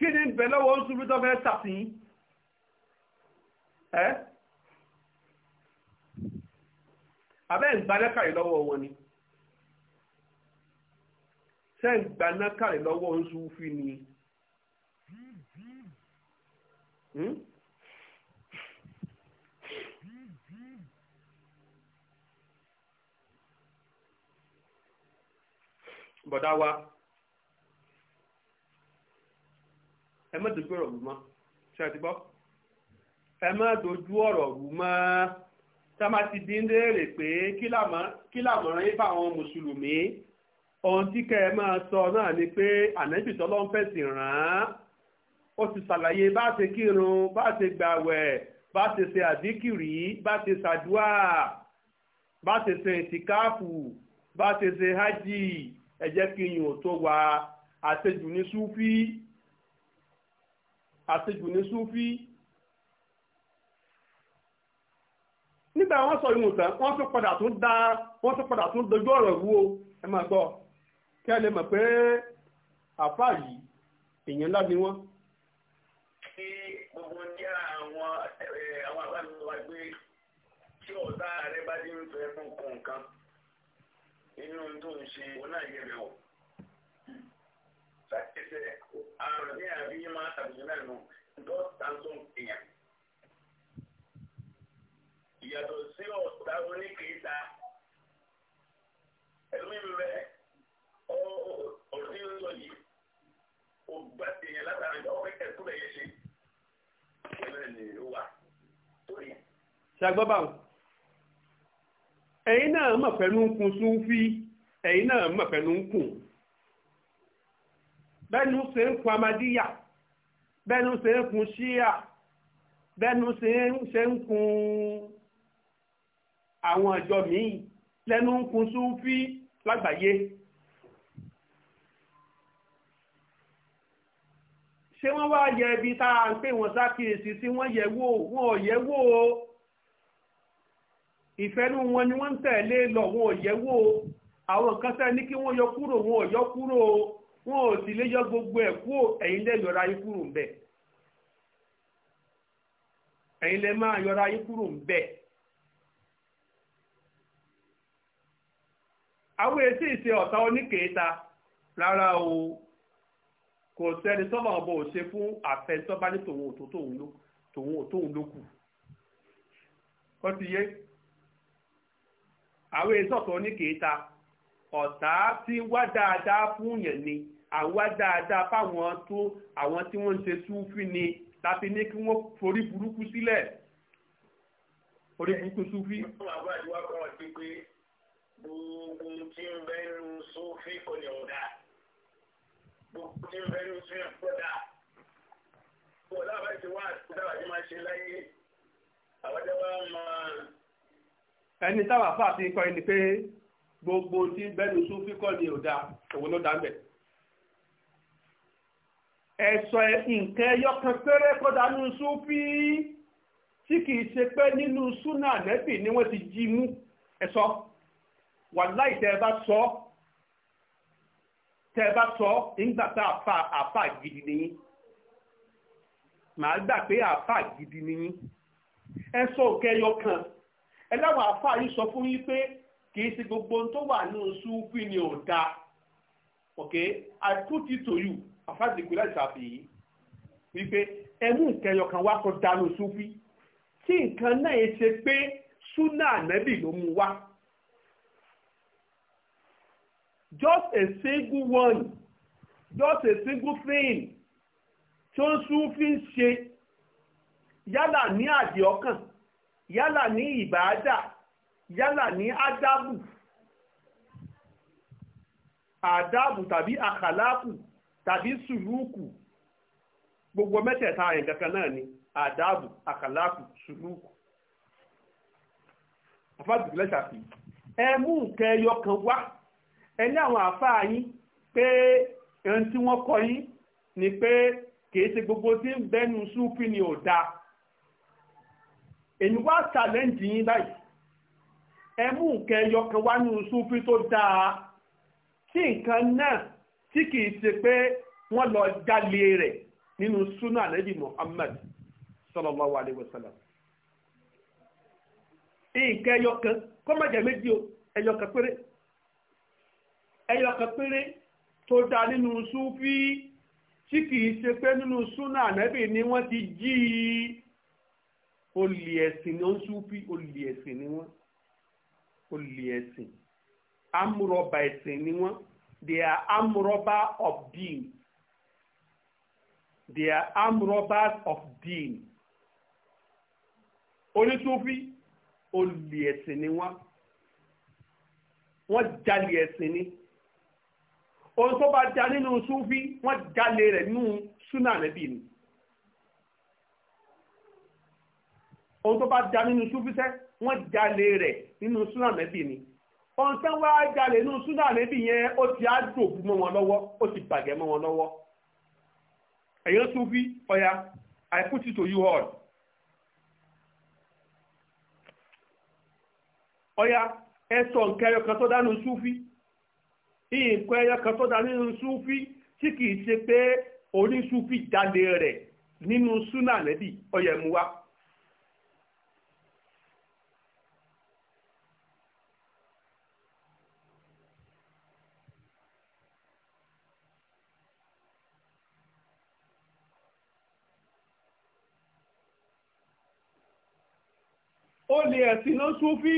kí ni bẹ̀ lọ́wọ́ ń súnmí tó fẹ́ sàfihàn ẹ́ abẹ́ ìgbanẹ́kàrí lọ́wọ́ wọn ni ṣé ìgbanẹ́kàrí lọ́wọ́ ń súnfí ni hmm? bọ̀dá wa. ẹ má dojú ọ̀rọ̀ rú mọ́ ṣe àti gbọ́ ẹ má dojú ọ̀rọ̀ rú mọ́ tá a máa ti dín léèrè pé kí làmọ̀ràn yín fáwọn mùsùlùmí ohun tí kẹ́ ẹ máa sọ náà ni pé ànábì tọ́lọ́ ń fẹ̀sìn ràn án ó ti ṣàlàyé bá a ṣe kírun bá a ṣe gbàwẹ̀ bá a ṣe ṣe àdíkìrì bá a ṣe ṣàdúà bá a ṣe ṣe ìtìkáàfù bá a ṣe ṣe hájì ẹ jẹ́ kí yìnyín ò tó wa àṣejù ní súfì àṣejù ní súfí nígbà wọ́n sọ ìwọ̀n tán wọ́n tún padà tún dá wọ́n tún padà tún dojú ọ̀rọ̀ wú o ẹ máa gbọ́ kí ẹ lè mọ̀ pé àfà yìí èèyàn ńlá ni wọ́n. ṣé gbogbo ní àwọn àwọn àgbàdo wa gbé
tí ọ̀tá rẹ bá dín fẹ́ fún nǹkan inú tó ń ṣe òun náà yẹ rẹ̀ wọ̀ ne a bi ma traditionnel nu dɔw san sun tiɲɛ yàtọ̀ sí ọ̀tá oníkèéta ẹ̀mí mbẹ ọ̀rọ̀dí ń lọ yìí ó gbá tiɲɛ látara ọ̀fẹ́
kẹ̀kú bẹ̀ yẹ ṣe ẹ̀mí ni ó wà torí. ṣàgbọ́ báwo ẹ̀yin náà mọ̀ fẹ́nu ń kun sún fí ẹ̀yin náà mọ̀ fẹ́nu ń kun bẹ́ẹ̀ni ó ṣe ń kun amadíyà bẹ́ẹ̀ni ó ṣe ń kun ṣíà bẹ́ẹ̀ni ó ṣe ń kun àwọn ìjọ míì lẹ́nu ń kun súfí lágbàáyé. ṣé wọ́n wá yẹ ibi tá à ń pè wọ́n sákìyèsí tí wọ́n yẹ wò wọ́n ò yẹ wò ó ìfẹ́nu wọn ni wọ́n ń tẹ̀lé lọ wọ́n ò yẹ wò ó àwọn kan tẹ́ ní kí wọ́n yọ kúrò wọ́n ò yọ kúrò ó. wọn ò sì yọ gbogbo ẹ̀ kú ẹ̀yin lè yọra yín kúrò ńbẹ̀ ẹ̀yin lè máa yọra yín kúrò ńbẹ̀. àwọn èsì ìṣe ọ̀tá oníkèéta o kò sẹ́ni ọ̀bọ̀ fún ní tòun ò tòun ló kù ti yé àwọn èsì ọ̀tá oníkèéta ọ̀tá àwa dáadáa fáwọn tó àwọn tí wọ́n ń ṣe súfì ni láti ní kí wọ́n forí burúkú sílẹ̀ forí burúkú súfì. bàbá ìwà kan ti pé gbogbo tí ń bẹ nu kò
ní ọ̀dà gbogbo tí ń bẹ nu kò dà wọ́n lábàá ti wá dábàá ti máa ṣe láyé àwọn
máa ẹni táwọn àfáà kọ́ ẹni pé gbogbo tí bẹ́nu sún fíkọ́ ni ò dáa òun ló dáa bẹ̀ ẹ̀sọ̀ nǹkan ẹyọ kan péré kọ́dà nínú súfí tí kìí ṣe pé nínú súnà nẹ́bì ni wọ́n ti jí mú ẹ̀sọ́ wàláì tẹ́ ẹ bá sọ tẹ́ ẹ bá sọ nígbà tá àfà àfà gidi nìyí màá gbà pé àfà gidi nìyí ẹ̀sọ̀ òkè ẹyọ kan ẹlẹ́wọ̀n àfà yìí sọ fún yín pé kìí ṣe gbogbo tó wà nínú súfí ni ò dáa ok I put it to you àfáàsì ìpínlẹ̀ ìṣàfihì wípé ẹmú nǹkan ẹyọ kan wá kó dánú súfí tí nǹkan náà yẹn ṣe pé súnà ànábì ló mú wá just a single one just a single thing tó ń súfí ń ṣe yálà ní àdì ọkàn yálà ní ìbáàdà yálà ní ádábù àdábù tàbí àkàlákù tàbí sùlúùkù gbogbo mẹ́tẹ̀ẹ̀ta rẹ̀ kankan náà ni àdáàbù àkàláàkù sùlúùkù àfáàdùkú lẹ́sàfì ẹ mú nǹkan ẹyọ kan wá ẹ ní àwọn àfáà yín pé ẹni tí wọ́n kọ yín ni pé kìí ṣe gbogbo tí ń bẹnu súnfì ni ò dáa èmi wá challenge yín báyìí ẹ mú nǹkan ẹyọ kan wá nínú súnfì tó dáa tí nǹkan náà tí kìí ṣe pé wọ́n lọ jalè rẹ̀ nínú súnà ànábì Muhammad sallallahu alayhi wa sallam. nǹkan ẹyọ kọ́ má jẹ́ méjì o ẹyọ péré ẹyọ péré tó dá nínú súfì tí kìí ṣe pé nínú súnà ànábì ni wọ́n ti jí i olè ẹ̀sìn ni ó olè ni wọ́n olè ẹ̀sìn ẹ̀sìn ni wọ́n. They are armed robbers of deen. They are armed robbers of deen. Onítúfí olè ẹ̀sìn ni wọ́n. Wọ́n jalè ẹ̀sìn ni. Ohun tó bá ja nínú Súfí, wọ́n jalè rẹ̀ nínú Súnà Nẹ́bì ni. Ohun tó bá ja nínú Súfí wọ́n jalè rẹ̀ nínú Súnà Nẹ́bì ni. ohun tí wọ́n á jalè nínú súnà níbi yẹn ó ti á dòbù mọ́ wọn lọ́wọ́ ó ti bàjẹ́ mọ́ wọn lọ́wọ́ ẹ̀yọ́ to you all. ẹ̀sọ̀ nǹkan ẹyọ kan tó dánú súfí nǹkan ẹyọ kan tó dánú tí ṣe pé jáde nínú súnà olè ẹ̀sìn ló súnfí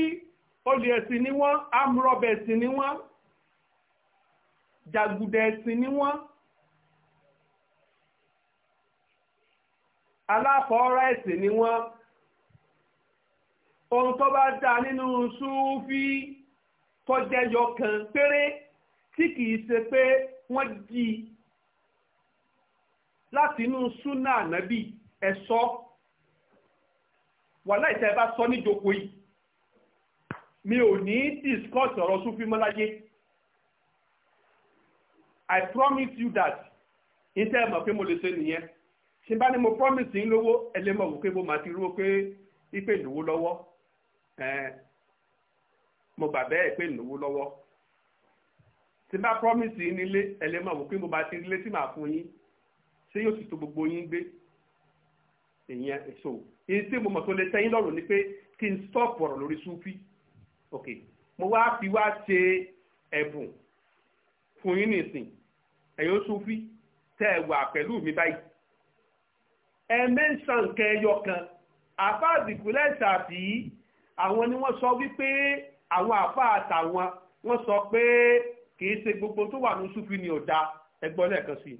olè ẹ̀sìn ni wọ́n amúrọ̀bẹ̀ ẹ̀sìn ni wọ́n jàgùdà ẹ̀sìn ni wọ́n aláfọ̀ọ́rá ẹ̀sìn ni wọ́n ohun tó bá dáa nínú súnfí tó jẹ́ yọkàn péré tí kìí ṣe pé wọ́n jí látinú súnà ànábì ẹ̀sọ́. E wàláhì tẹ́ bá sọ níjókòó yìí mi ò ní discuss ọ̀rọ̀ sufi i promise you that ní tẹ́ ẹ mọ̀ pé mo lè ṣe nìyẹn ṣe bá ní mo promise yín lówó ẹ lè mọ̀ mo máa ti rú pé ipe ìnáwó lọ́wọ́ mo gbà bẹ́ẹ̀ pé ìnáwó lọ́wọ́ tí bá promise yín nílé ẹ lè mọ̀ wípé mo máa ti rí létí màá fún yín ṣé yóò sì tó gbogbo yín gbé ìyẹn èso èyí tí mo mọ̀ tó lè tẹ́yìn lọ́rùn ni pé kí n stop ọ̀rọ̀ lórí súfì ok mo wá fi wá ṣe ẹ̀bùn fún yín nìsín ẹ̀yin súfì tẹ́ ẹ wà pẹ̀lú mi báyìí ẹ mẹ́ńsàn nǹkan ẹyọ kan àfáà ìpínlẹ̀ ṣàbí àwọn ni wọ́n sọ wípé àwọn àfáà àtàwọn wọ́n sọ pé kì í ṣe gbogbo tó wà ní súfì ni ò ẹgbọ́n lẹ́ẹ̀kan sí i.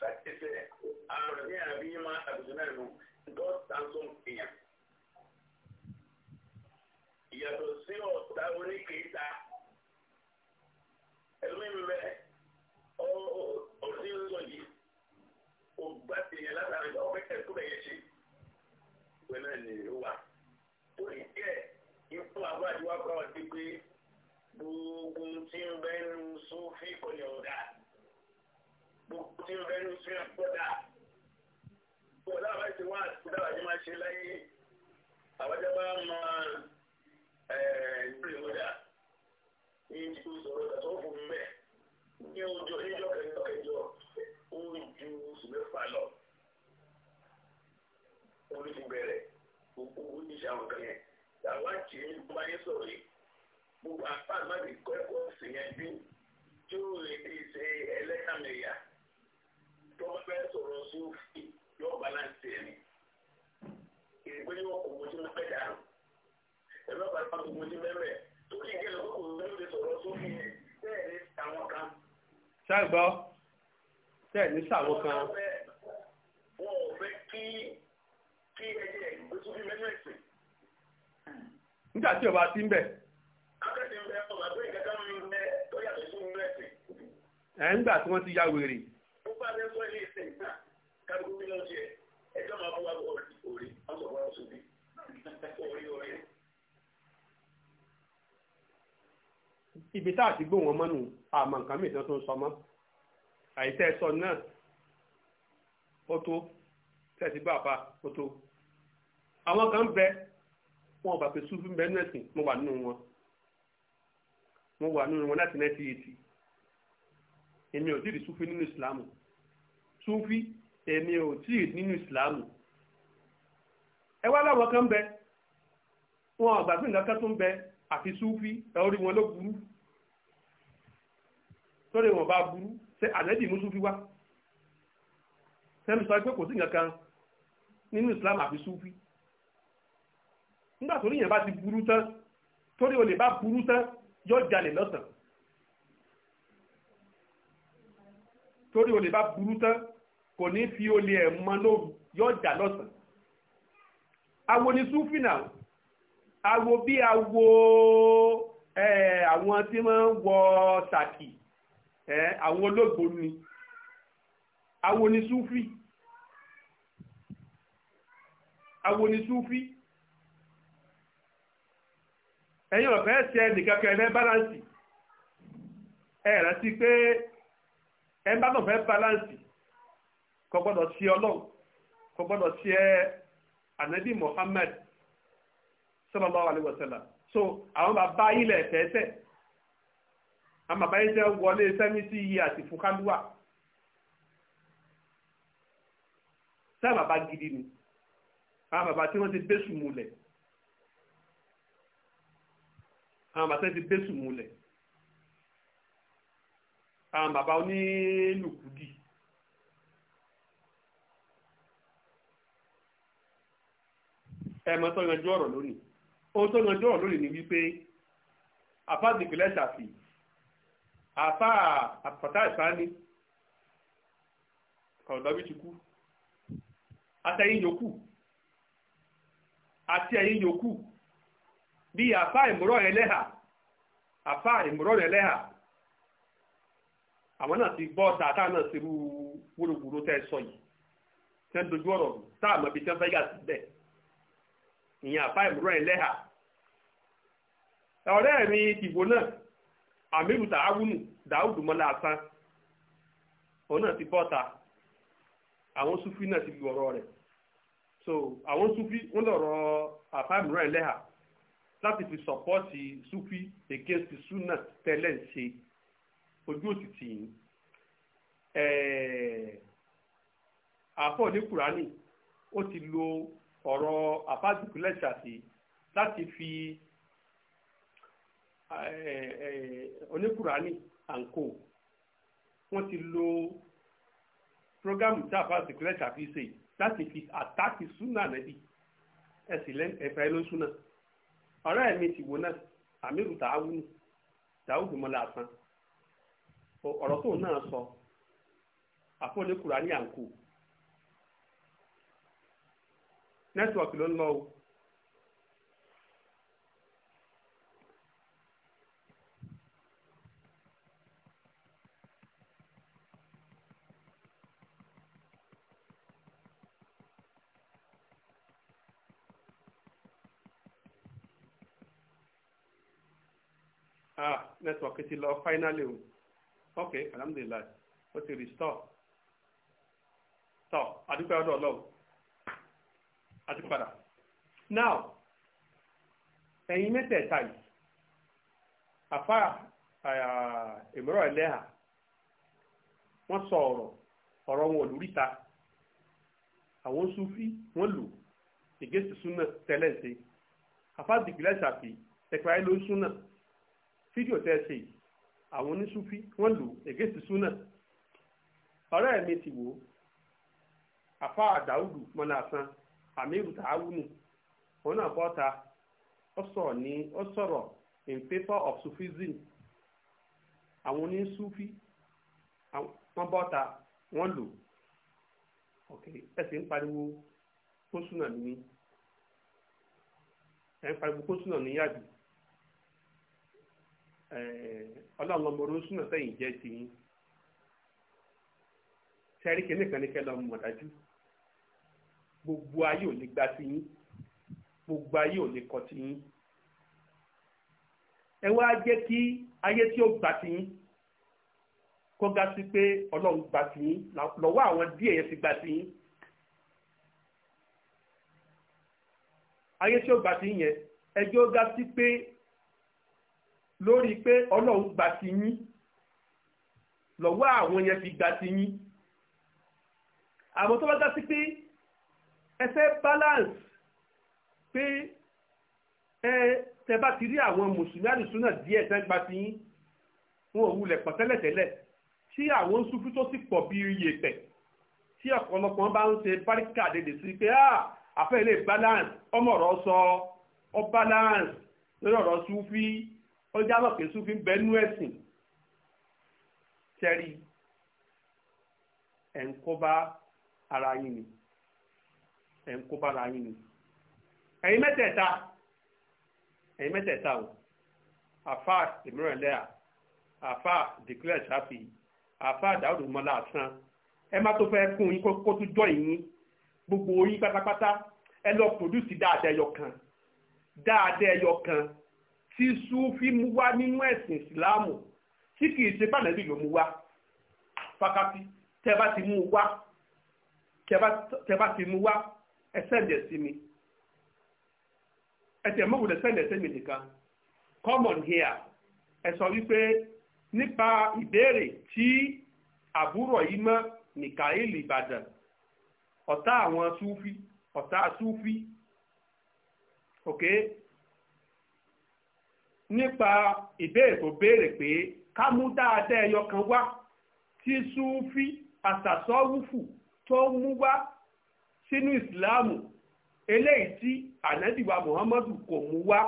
ne yɛrɛ a bɛ sɛnɛ ninnu dɔw san sɔn tiɲɛ yàtọ̀ sí ọ̀tá oníkèéta ẹ̀mí mi bẹ ọ̀sìn sọ yìí o gbà tèèyàn látàrí ọ̀fẹ́ kẹ́kọ̀ọ́ bẹ̀yẹ ṣe pẹ̀lú ẹ̀nì wa torí díẹ̀ ikú àbájáwá bá wà dé pé gbogbo tí ń bẹ́ẹ̀ nu sófin kọ́ni ọ̀dà gbogbo ní ọ̀rẹ́ ní sí ọ̀dà ọ̀dà bá ti wá àtúndà àti máa ṣe láyé àwọjọ́ bá máa ẹ̀ẹ́dúró ìwọ́dà ní ìdíkù sọ̀rọ̀ ìgbà tó fún mẹ́ ní ọjọ́ níjọ́ kẹjọ kẹjọ ó ju oṣù mẹ́fà lọ orí ti bẹ̀rẹ̀ gbogbo oníṣẹ́ àwọn kan yẹn làwọn àti ẹni tó bá yẹ sọ̀rọ̀ yìí gbogbo àpá àmàlì kọ́ ẹ̀kọ́ ọ̀sìn yẹn bí tí ó lè ṣe ẹlẹ́yàmẹ̀yà tó bá fẹ́ sọ̀rọ̀ sófì yóò balance ẹni ìgbé yóò kó mojú mẹ́fẹ́ dànù ẹ̀fẹ́ bá fà kó mojú mẹ́fẹ́ torí ìgbé lọ kó mojú lè sọ̀rọ̀ sófì bẹ́ẹ̀ ni àwọn kan.
ṣàgbọ́ bẹ́ẹ̀ ni sàwọn kan.
wọn ò fẹ́ kí kí ẹjẹ ìgbé sófì mẹ́fẹ́ sè.
nígbà tí o bá ti ń bẹ̀.
akẹ́sìn bẹ́ẹ̀ ọ̀gá tó ìkẹ́kẹ́ mi ń bẹ́ẹ̀ tó yàtọ̀ sí ń bẹ́ẹ̀
sè. ẹ̀ ń gbà tí wọ́n ti ya wèrè
bá fẹ́ sọ ilé ìsìn náà kálukú bí lọ́ọ́ jẹ ẹjọ́ máa bọ́ wá bọ́ orí orí ọ̀sọ̀ wá oṣù mi orí orí.
ibi tá a ti gbóhùn ọmọ nù àmọ́ nǹkan mìíràn tó ń sọmọ àìsẹ́ sọ náà ó tó tẹ̀sí bàbá ó tó àwọn kan bẹ wọn bá fi sùfì bẹ nẹsìn mo wà nínú wọn mo wà nínú wọn láti 1980 èmi ò tí ì rí sùfì nínú ìsìlámù súfí èmi ò tí ì nínú ìsìláàmù ẹ wá láwọn kan bẹ wọn àgbàgbé nǹkan kan tó ń bẹ àfi súfí ẹ orí wọn ló burú sórí wọn bá burú ṣe ànẹ́bì mú súfí wá sẹ́mi sọ pé kò sí nǹkan kan nínú ìsìláàmù àfi súfí nígbà tó níyàn bá ti burú tán torí o lè bá burú tán yóò jalè lọ́sàn torí o lè bá burú tán kò ní fi olè ẹ̀ mọ lóru yóò jà lọ́sàn-án awo ni súfì náà awo bí awo àwọn tí wọ́n ń wọ sàkì àwọn olóògbò ni awo ni súfì awo ni súfì ẹ̀yin ọ̀fẹ́ ṣe nìkankan ẹ̀fẹ́ báláǹsì ẹ rántí pé ẹ bá kàn fẹ́ báláǹsì kò gbọ́dọ̀ sí ọlọ́run kò gbọ́dọ̀ sí ẹ eh, anabi muhammad sallallahu alayhi wa sallam so àwọn bàbá ilẹ̀ tẹ́tẹ́ àwọn bàbá yìí tẹ́ wọlé sẹ́mítì yìí àti fúkàlùwà sẹ́ẹ̀ bàbá gidi ni àwọn bàbá tí wọ́n ti bẹ́sù múlẹ̀ àwọn bàbá tí wọ́n ti bẹ́sù múlẹ̀ àwọn bàbá onílùkùdì. ẹmọ tó yanjú ọ̀rọ̀ lónìí ohun tó yanjú ọ̀rọ̀ lónìí ni wípé àfáàdìpínlẹ̀ ṣàfi àfá àpàtà ìsáni kọ̀ọ̀dọ́bí ti kú àtẹ̀yìn yòókù àti ẹ̀yìn yòókù bí àfá ìmúrọ̀ rẹ̀ lẹ́hà àfá ìmúrọ̀ rẹ̀ lẹ́hà àwọn náà ti gbọ́ tààtà náà sí irú wúrúwúrú tẹ́ sọ yìí tẹ́ dojú ọ̀rọ̀ táàmù ibi tẹ́ fẹ́ yà sí bẹ́ẹ̀ ìyẹn àbá ìmúra ẹlẹ́hà ọ̀rẹ́ mi ìdìbò náà àmìrù tààwùnù dáúdù mọ́lá asán òun náà ti bọ́ta àwọn sufi náà ti fi ọ̀rọ̀ rẹ̀ so àwọn sufi wọ́n lọ̀rọ̀ àbá ìmúra ẹlẹ́hà láti fi sọ̀pọ́ọ̀tì sufi against sunna tẹ́lẹ̀ ń ṣe ojú òtítì yìí àfọ̀ ní kùránì ó ti lo ọ̀rọ̀ àfáàdùkúlẹ̀ṣàtì láti fi oníkùránì àǹkó wọ́n ti lo prógámù tí fi ṣe láti fi àtàkì súnà nẹ́bí ẹ̀sìn ẹ̀fà ló súnà ọ̀rẹ́ mi ti wò náà àmírù tààwùnù tààwùnù mọ́lá àtàn ọ̀rọ̀ tó náà sọ àfọ̀ oníkùránì àǹkó. nẹ́tíwọ̀kì ló ń lọ o. ah network ti lọ finally o ok alhamdulilayi o ti restore tọ adúpẹ́ ọdọ̀ ọlọ́run àti padà now ẹ̀yin mẹ́tẹ̀ẹ̀ta yìí àfa ìmọ̀ràn ẹlẹ́hà wọ́n sọ ọ̀rọ̀ ọ̀rọ̀ wọn lóríta àwọn sufi wọ́n lò ìgésì súnà tẹ́lẹ̀ ṣe àfáàdìgbìlẹ̀ ṣàfi ẹ̀pẹ́ ayé ló ń súnà fídíò tẹ́ ṣe àwọn onísufi wọ́n lò ìgésì súnà ọ̀rẹ́ mi ti wò àfáà dàúdù mọ́nà àsán amiru tahawunu òun náà bọ́ta sọ̀rọ̀ ní ọ sọ̀rọ̀ in of sufism àwọn lò ń pariwo kóṣùnà ní ẹ ń pariwo kóṣùnà ní yàgì ọlọ́run sẹ́yìn jẹ́ tiyín gbogbo ayé ò ní gba ti yín gbogbo ayé ò ní kọ ti yín ẹ wá jẹ́ kí ayé tí ó gbà ti yín kó ga sí pé ọlọ́run gbà ti yín lọ́wọ́ àwọn díẹ̀ yẹn ti gbà ti yín ayé tí ó gbà ti yín yẹn ẹjọ́ ó ga sí pé lórí pé ọlọ́run gbà ti yín lọ́wọ́ àwọn yẹn fi gbà ti yín àwọn tó bá ga sí pé ẹ fẹ́ balance pé ẹ tẹ bá ti rí àwọn mùsùlùmí àdìsúnà díẹ̀ tẹ́ gba ti yín wọn ò wulẹ̀ pọ̀ tẹ́lẹ̀tẹ́lẹ̀ tí àwọn sufi tó sì pọ̀ bí yèpẹ̀ tí ọ̀pọ̀lọpọ̀ bá ń ṣe báríkà dédé sí pé ah, àfẹ́ ilé balance ọmọ ọ̀rọ̀ sọ ọ balance lórí ọ̀rọ̀ sufi ọjà lọ́kẹ́ sufi ń bẹ́nu ẹ̀sìn tẹ́rí ẹ̀ńkọ́ bá ara yín ni ẹ̀ ń kó bára yín ni ẹ̀yin mẹ́tẹ̀ẹ̀ta ẹ̀yin mẹ́tẹ̀ẹ̀ta o àfa ìmúrẹ̀lẹ́à àfa dìklẹ̀ ṣáfì àfa dàrú mọ́lá àsán ẹ má tó fẹ́ kún yín kó tún jọ ìyín gbogbo yín pátápátá ẹ lọ pòdùsì dáadáa ẹyọ kan dáadáa ẹyọ kan tí sùfì mú wá nínú ẹ̀sìn ìsìláàmù tí kì í ṣe bànẹ́bí ló mú wá fákàtí tẹ́ bá ti mú wá tẹ́ bá ti mú wá ẹ sẹ́ǹdẹ̀ sí mi ẹ tẹ̀ mọ́wùlẹ̀ sẹ́ǹdẹ̀ sí mi nìkan come on here ẹ sọ wípé nípa ìbéèrè tí àbúrò yìí mọ́ nìkàílì ìbàdàn ọ̀tá àwọn súfí ọ̀tá súfí ok nípa ìbéèrè tó béèrè pé ká mú dáadáa ẹyọ kan wá tí súfí àtàsọ́wùfù tó mú wá sínú ìsìláàmù eléyìí tí ànábìwá muhammadu kò mú wá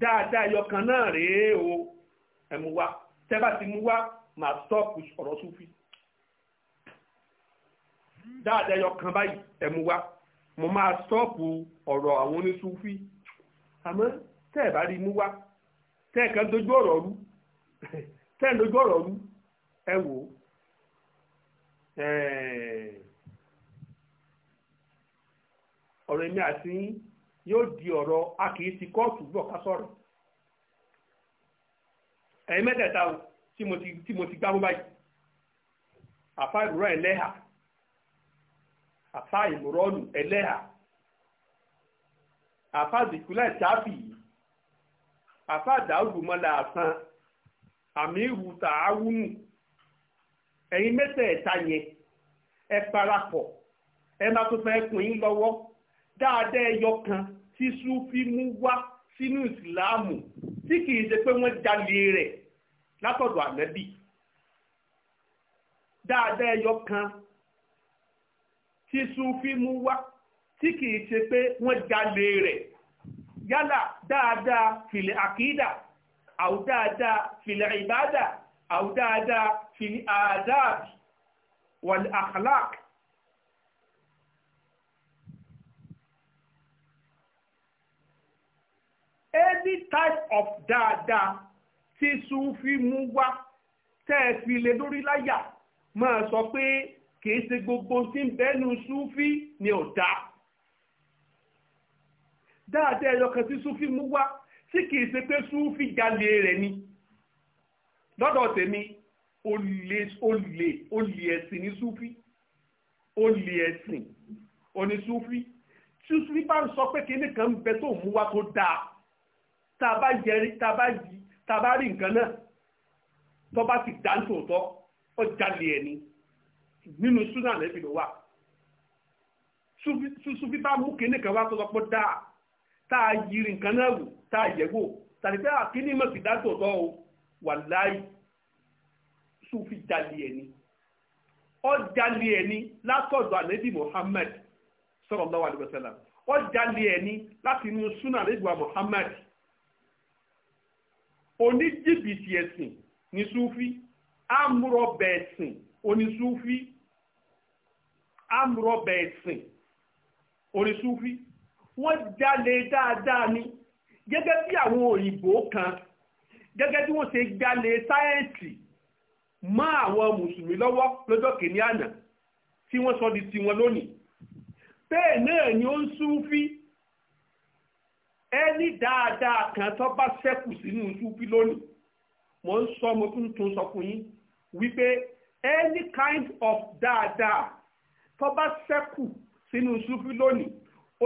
dáadáa yọkan náà rèé o ẹ mú wá tẹ́ bá ti mú wá màá stọ́ọ̀kù ọ̀rọ̀ súfì dáadáa yọkan báyìí ẹ mú wá mo máa stọ́ọ̀pù ọ̀rọ̀ àwọn oníṣúfí àmọ́ tẹ́ rí mú wá tẹ́ dojú ọ̀rọ̀ rú tẹ́ dojú ọ̀rọ̀ rú ẹ wò ó ọ̀rọ̀ èmi àti yín yóò di ọ̀rọ̀ a kóòtù gbọ́ ká sọ̀rọ̀ ẹ̀yin mẹ́tẹ̀ẹ̀ta tí mo ti gbá mú báyìí àfa ìrora ẹlẹ́hà àfa ìmọ̀rọ́nù ẹlẹ́hà àfa ìdìkúlẹ̀ tábì àfa àsán àmì ìrùtà áwùnù dáadáa ẹyọ kan tí súfì mú wá sínú ìsìláàmù tí kìí ṣe pé wọ́n jalè rẹ̀ látọ̀dọ̀ ànábì dáadáa ẹyọ kan tí súfì mú wá tí kìí ṣe pé wọ́n jalè rẹ̀ yálà dáadáa fìlẹ̀ àkídà àwù dáadáa fìlẹ̀ ìbádà àwù dáadáa fìlẹ̀ àdáàbì wal akhlaq any type of dáadáa tí sufi mú wá tẹ́ ẹ fi lé lórí láyà máa sọ pé kìí ṣe gbogbo tí ń bẹ́nu sufi ni ò dá dáadáa ẹyọ kan tí sufi mú wá tí kìí ṣe pé sufi jalè rẹ̀ ni lọ́dọ̀ tèmi olè olè olè ẹ̀sìn ní sufi olè ẹ̀sìn oní sufi sufi bá ń sọ pé kinní kan ń bẹ tó mú wá tó dáa tàbá jẹrí tàbá jí tàbá rí nǹkan náà tó bá ti dá nítòótọ́ ó jalè ẹni nínú súnà lẹ́bi ló wà sufi bá mú kíní kan wá tó lọ́pọ̀ dáa tá a yiri nǹkan náà wò tá a yẹ̀wò tàbí pé àkíní mọ̀ sí dá nítòótọ́ o wàláì sufi jalè ẹni ọjàlè ẹni látọ̀dọ̀ ànábì Muhammad sallallahu alaihi wasallam ọjàlè ẹni láti inú súnà lẹ́bi wa Muhammad oníjìbìtì ẹ̀sìn ni sufi, amúrọ̀bẹ̀ ẹ̀sìn onísúfí amúrọ̀bẹ̀ ẹ̀sìn onísúfí wọ́n jalè dáadáa ni gẹ́gẹ́ bí àwọn òyìnbó kan gẹ́gẹ́ bí wọ́n ṣe jalè sáyẹ́ǹsì mọ́ àwọn mùsùlùmí lọ́wọ́ lọ́jọ́ kìíní àná tí wọ́n sọ di tiwọn lónìí bẹ́ẹ̀ náà ni ó ń súfí ẹni dáadáa kan tó bá ṣẹ́kù sínú ṣúbí lónìí mo ń sọ mo tún tún sọ fún yín wípé any kind of dáadáa tó bá ṣẹ́kù sínú ṣúbí lónìí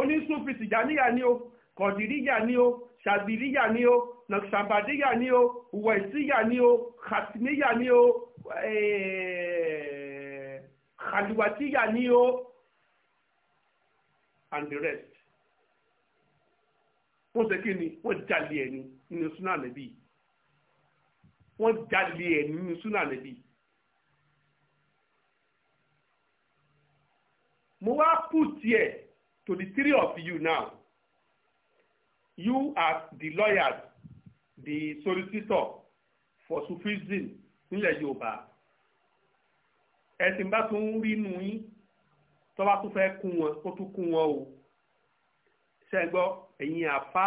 oníṣúbí tìjàníyà ni o kọ̀dìríyà ni o ṣàbìríyà ni o nàṣàbàdíyà ni o wẹ̀síyà ni o kàtìmíyà ni o eh, kàlùwàtíyà ni o and the rest wọ́n ṣe kí ni wọ́n jalè ẹni nínú súnà nẹ́bí wọ́n jalè ẹni nínú súnà nẹ́bí. mo wá put here to the three of you now you as the lawyers the solicitor for sufism nílẹ̀ Yorùbá ẹ̀sìn bá tún ń rí nu yín tó bá tún fẹ́ kún wọn kó tún kún wọn o ṣẹ́gbọ́n ẹ̀yin àpá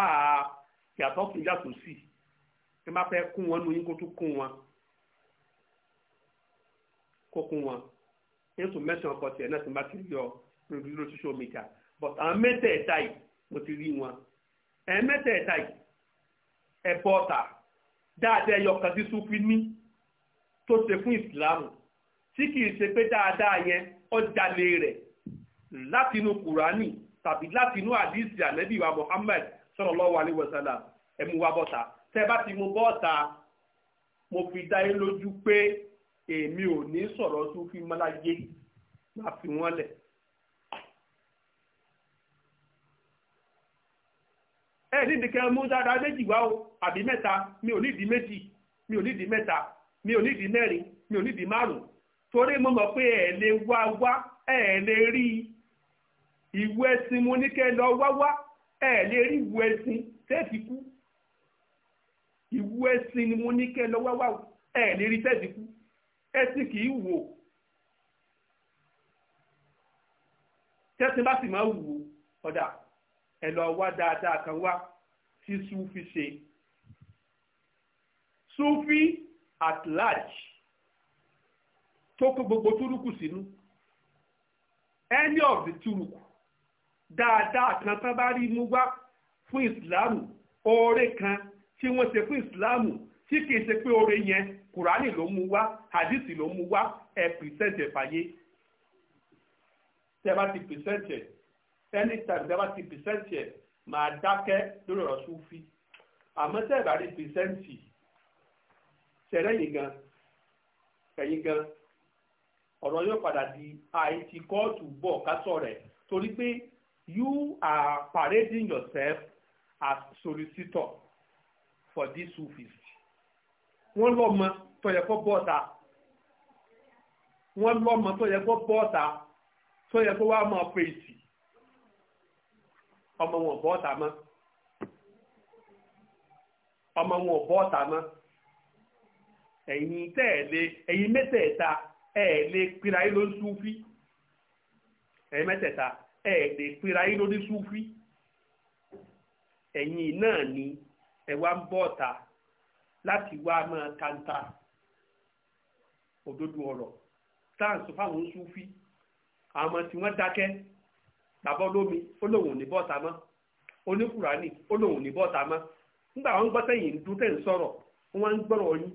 yàtọ̀ tún yàtọ̀ sí ẹ má fẹ́ kún wọn nu yín kó tún kún wọn kó kún wọn yín tún mẹ́sàn-án ọkọ̀ tiẹ̀ náà ti má ti rí ọ lórí lórí social media but àwọn mẹ́tẹ̀ẹ̀ta yìí mo ti rí wọn ẹ̀ mẹ́tẹ̀ẹ̀ta yìí ẹ̀ bọ́ta dáadáa ẹyọkan tí sufi ní tó ṣe fún ìsìláàmù tí kìí ṣe pé dáadáa yẹn ọjàlè rẹ̀ látinú kùránì tàbí láti inú àdìsí ànẹ́bí wa Muhammad sallallahu alaihi wasallam ẹ wa bọ́ta tẹ́ bá ti mú bọ́ta mo fi dá yín lójú pé èmi ò ní sọ̀rọ̀ Sufi mọ́láyé máa fi wọ́n lẹ̀. ẹ nídìí kẹ́ mú dáadáa méjì wá o àbí mẹ́ta mi ò nídìí méjì mi ò nídìí mẹ́ta mi ò nídìí mẹ́rin mi ò nídìí márùn-ún torí mo mọ̀ pé ẹ̀ lè wá wá ẹ̀ lè rí i ìwé ẹ̀sìn mo ní kẹ́ lọ wá wá ẹ̀ lè rí ìwé ẹ̀sìn tẹ́ẹ̀fì kú ìwé ẹ̀sìn ni mo ní kẹ́ lọ wá wá ẹ̀ lè rí tẹ́ẹ̀fì kú ẹ̀sìn kì í wò tẹ́sìn bá sì máa wò ọ̀dà ẹ̀ lọ wá dáadáa kan wá tí Súfì ṣe Súfì at large tó kó gbogbo túrúkù sínú any of the túrúkù dáadáa kan tán bá rí mú wá fún ìsìláàmù oore kan tí wọ́n ṣe fún ìsìláàmù tí kìí ṣe pé oore yẹn kùránì ló mú wá hadisi ló mú wá ẹ pìrìsẹ́ǹtì fàyè tẹ́ bá ti pìrìsẹ́ǹtì ẹni tàbí tẹ́ bá ti pìrìsẹ́ǹtì máa dákẹ́ lórí ọ̀rọ̀ Sufi àmọ́ tẹ́ bá rí pìrìsẹ́ǹtì ṣẹlẹ̀ yìí gan ẹ̀yìn gan ọ̀rọ̀ yóò padà di àìtí kóòtù bọ̀ kásọ̀ rẹ̀ torí pé you are parading yourself as solicitor for this Sufis. wọ́n lọ́mọ tó yẹ kó bọ́ọ̀ta wọ́n lọ́mọ tó yẹ kó bọ́ọ̀ta tó yẹ kó wá máa fèsì ọmọ wọn bọ́ọ̀ta mọ́ ọmọ wọn bọ́ọ̀ta mọ́ ẹ̀yin tẹ́ẹ̀lé ẹ̀yin mẹ́tẹ̀ẹ̀ta ẹ̀ẹ́lé pírayé ló ń Sufi ẹ̀yin mẹ́tẹ̀ẹ̀ta. ẹ lè pera yín lórí súfí ẹ̀yin náà ni ẹ wá ń bọ́ ọ̀tá láti wá máa tanta òdodo ọ̀rọ̀ táǹsì fáwọn tí wọ́n dákẹ́ bàbá olómi ó lóun ò ní bọ́ọ̀tá mọ́ oníkùránì ó lóun ò ní bọ́ọ̀tá mọ́ nígbà wọn gbọ́ tẹ̀yìn ń dún tẹ̀ ń sọ̀rọ̀ wọn ń gbọ́rọ̀ yín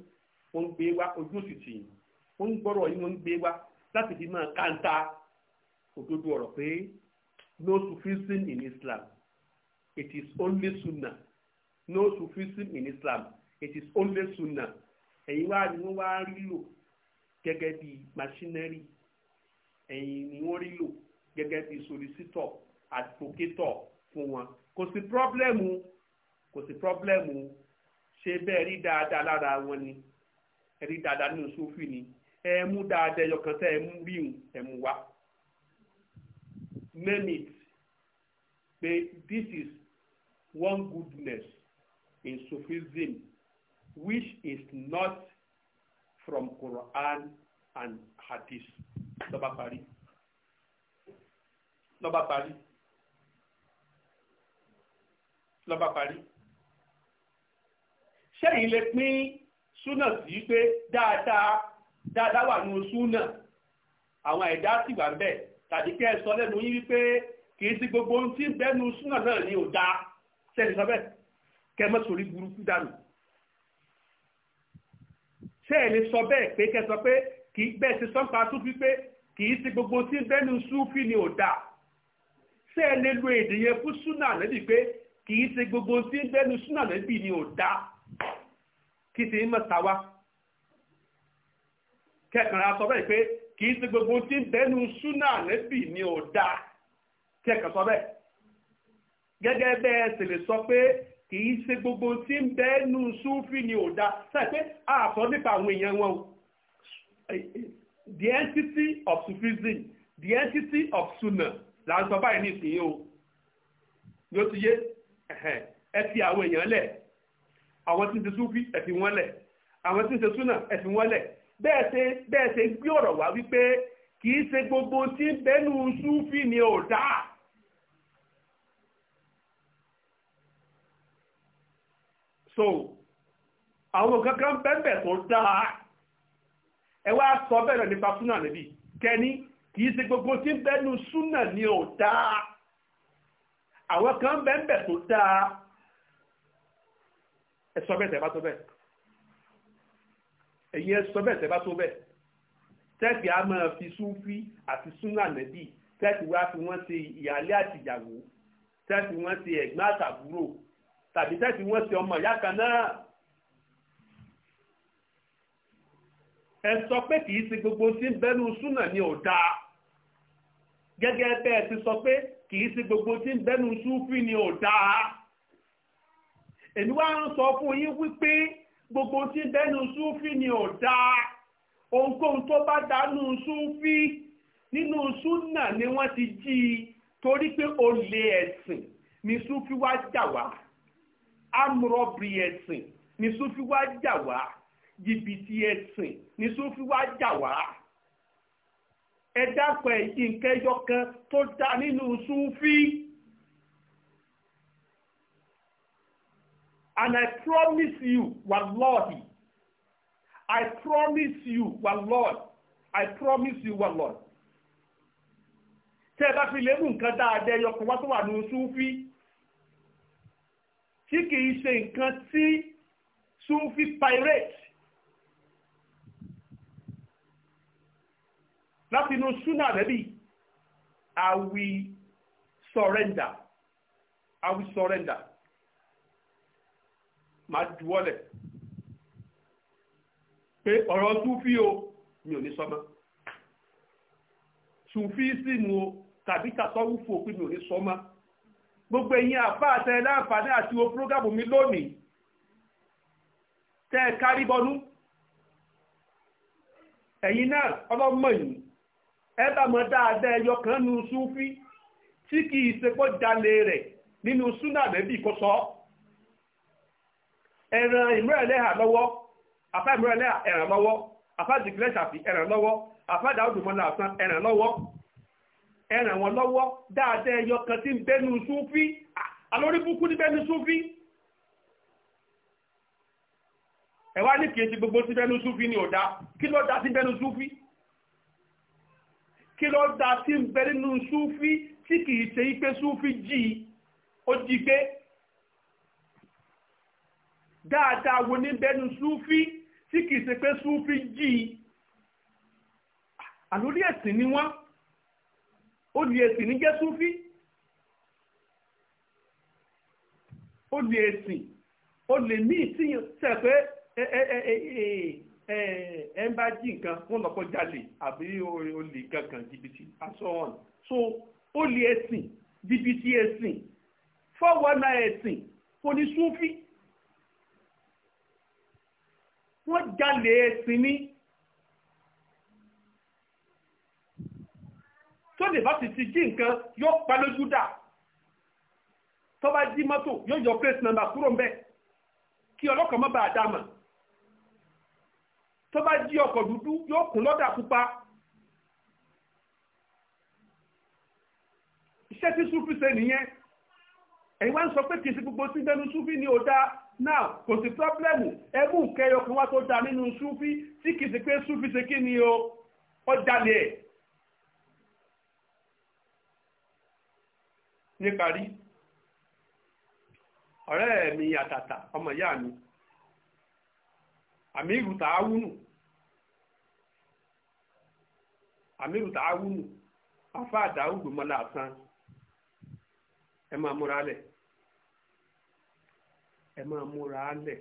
wọ́n ń gbé wá ojú òsì tì gbọ́rọ̀ yín No Sufism in Islam. It is only Sunnah. No Sufism in Islam. It is only Sunnah. Ẹ̀yin wá ni wọ́n wá rí lò gẹ́gẹ́ bí machinery. Ẹ̀yin ni wọ́n rí lò gẹ́gẹ́ bí solicitor, advocator fún wọn. Kò sí pírọ́blẹ́mù kò sí pírọ́blẹ́mù ṣe bẹ́ẹ̀ rí dáadáa lára wọn ni rí dáadáa nínú sófì ni ẹ mú dáadáa ẹyọkan tẹ́ ẹ mú ríhùn ẹ mú wá name it pé this is one goodness in Sufism which is not from Quran and Hadith lọ́ba parí lọ́ba parí lọ́ba parí sẹ́yìn lè pín súnà sí pé dáadáa dáadáa wà nínú súnà àwọn ẹ̀dá sì wà bẹ́ẹ̀ tàbí kẹ́ ẹ sọ lẹ́nu yín wípé kì í sí gbogbo ohun tí ń bẹ́nu súnà náà ni ò dáa sẹ́ni sọ bẹ́ẹ̀ kẹ́ ẹ mọ́ sórí burúkú dànù. sẹ́ẹ̀ni sọ bẹ́ẹ̀ pé kẹ́ sọ pé kì í bẹ́ẹ̀ ṣe sọ́ńpa tún wípé kì í sí gbogbo tí ń bẹ́nu súnfì ni ò dáa sẹ́ẹ̀ni lo èdè yẹn fún súnà lẹ́bi pé kì í ṣe gbogbo tí ń bẹ́nu súnà lẹ́bi ni ò dáa kí ti ń mọ̀ sáwá kẹ́kànlá sọ bẹ́ẹ̀ kì í ṣe gbogbo tí ń bẹnu súnà nẹ́bì ni ò dáa tí ẹ̀kan sọ bẹ́ẹ̀ gẹ́gẹ́ bẹ́ẹ̀ sì lè sọ pé kì ṣe gbogbo tí ń bẹnu súnfì ni ò dáa sáà pé àṣọ nípa àwọn èèyàn wọn o the entity of Sufism the entity of suna. là ń sọ báyìí ní ìsìn yìí o yóò ti yé ẹ fi àwọn èèyàn lẹ̀ àwọn tí ń ṣe súnfì ẹ fi wọ́n lẹ̀ àwọn tí ń ṣe súnà ẹ fi wọ́n lẹ̀ bẹ́ẹ̀ ṣe gbé ọ̀rọ̀ wá wípé kì í ṣe gbogbo tí ń bẹnu súfì ni ò dáa. so àwọn kankan bẹ́ẹ̀ tó dáa ẹ wá sọ bẹ́ẹ̀ nípa súnà níbí kẹ́ni kì í ṣe gbogbo tí ń bẹnu súnà ni ò dáa àwọn kan bẹ́ẹ̀ tó dáa ẹ sọ bẹ́ẹ̀ tẹ̀ bá sọ bẹ́ẹ̀ ẹ̀yin ẹ sọ bẹ́ẹ̀ tẹ́ bá tó bẹ́ẹ̀ tẹ́ẹ̀kì á máa fi súnfí àti súnà nẹ́bì tẹ́ẹ̀kì wá fi wọ́n ṣe ìyáálé àtìyàwó tẹ́ẹ̀kì wọ́n ṣe ẹ̀gbọ́n àtàbúrò tàbí tẹ́ẹ̀kì wọ́n ṣe ọmọ ìyá kan náà. ẹ sọ pé kì í ṣe gbogbo tí ń bẹnu súnà ni ò dáa gẹ́gẹ́ bẹ́ ẹ ti sọ pé kì í ṣe gbogbo tí ń bẹnu súnfí ni ò dáa èmi wá ń sọ fún yín wípé gbogbo tí bẹ́nu súfì ni ò dáa ohunkóhun tó bá dánú súfì nínú súnà ni wọ́n ti jí i torí pé olè ẹ̀sìn ni súfì wá jà wá amúrọ̀bì ẹ̀sìn ni súfì wá jà wá jìbìtì ẹ̀sìn ni súfì wá jà wá ẹ dákọ̀ ẹ̀yìn nǹkan kan tó dá nínú súfì. And I promise you, Wallahi, I promise you, Wallahi, I promise you, Wallahi. Tẹ́ ẹ bá fi lébù nǹkan dáadé ẹyọkùn wá tó wà ní Súfí, tí kìí ṣe nǹkan tí Súfí pirate láti inú Súnà rẹ̀bí, I will surrender. I will surrender máa juwọ́lẹ̀ pé ọ̀rọ̀ súfí o mi ò ní sọ mọ́ súfí sì mu o tàbí tàtọ́wúfò pé mi ò ní sọ mọ́ gbogbo ẹ̀yin àfáà tẹ láǹfààní àti wo prógámù mi lónìí tẹ́ ẹ kárí bọnú ẹ̀yin náà ọlọ́mọ yìí ẹ bá mọ dáadáa ẹyọ kan nu súfí tí kì ṣe kó jalè rẹ̀ nínú súnà bẹ́bí kó sọ ọ́. ẹran Imre lọ́wọ́ àfá afa ẹ̀ràn lọ́wọ́ àfá dìgbìlẹ̀ ṣàfi ẹ̀ràn lọ́wọ́ àfá dàúdù mọ́lá àsán ẹ̀ràn lọ́wọ́ ẹ̀ràn wọn lọ́wọ́ dáadáa ẹyọ kan tí ń bẹ́nu súnfí alórí burúkú ní bẹ́nu súnfí ní kìí ti gbogbo sí bẹ́nu súnfí ni ò kí ló dá sí bẹ́nu súnfí kí dáadáa wo ní bẹ́nu súfí tí kìí ṣe pé súfí jì í àlórí ẹ̀sìn ni wọ́n olè ẹ̀sìn ní jẹ́ súfí olè ẹ̀sìn olè míì tí sẹ̀ pé ẹ ń bá jí nǹkan wọ́n lọ́kọ́ jalè àbí olè kankan jìbìtì aṣọ ọ̀hún so olè ẹ̀sìn jìbìtì ẹ̀sìn fọwọ́nà ẹ̀sìn kò ní súfí wọ́n jalè ẹ̀sìn ní tó lè bá ti ti jí nǹkan yóò pa lójú dà tó bá jí mọ́tò yóò yọ plate number kúrò mbẹ́ kí ọlọ́kàn má bàa dámà tó bá jí ọkọ̀ dúdú yóò kún lọ́dà pupa iṣẹ́ tí súfì ṣe nìyẹn ẹ̀yin wá ń sọ pé kì í ṣe gbogbo síbẹ̀nu súfì ni ò náà kò sí pọ́blẹ́mù ẹbú nkẹyọ kan wá tó da nínú súfí tí kì í ṣe pé súfí ṣe kí ni o ó jalè ẹ̀. níparí ọ̀rẹ́ mi àtàtà ọmọ ìyá mi àmírù tààwùnù àmírù tààwùnù afáàdà ògbòmọlá àsán ẹ máa múra lẹ̀ ẹ máa múra lẹ̀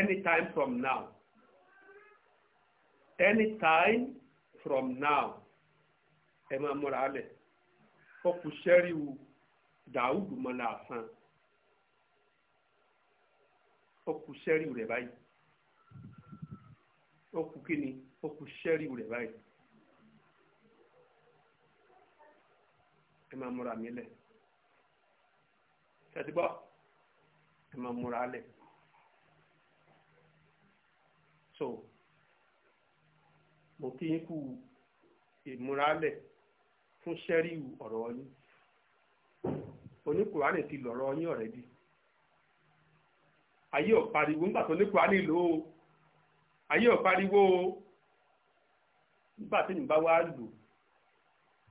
anytime from now anytime from now ẹ máa múra lẹ̀ ọkù sẹ́ríwù dàúdù mọ́ làásán ọkù sẹ́ríwù rẹ̀ báyìí ọkù kíni ọkù sẹ́ríwù rẹ̀ báyìí ẹ máa múra mi lẹ̀ tẹ̀sígbọ́ ẹ máa múra lẹ̀ so mo kí n kú ìmúralẹ̀ fún sẹ́ríù ọ̀rọ̀ yín oníkùránì ti lọ̀rọ̀ yín ọ̀rẹ́ bí ayé ò pariwo nígbà tó oníkùránì lò ó ayé ò o nígbà tí yìnbá wá lò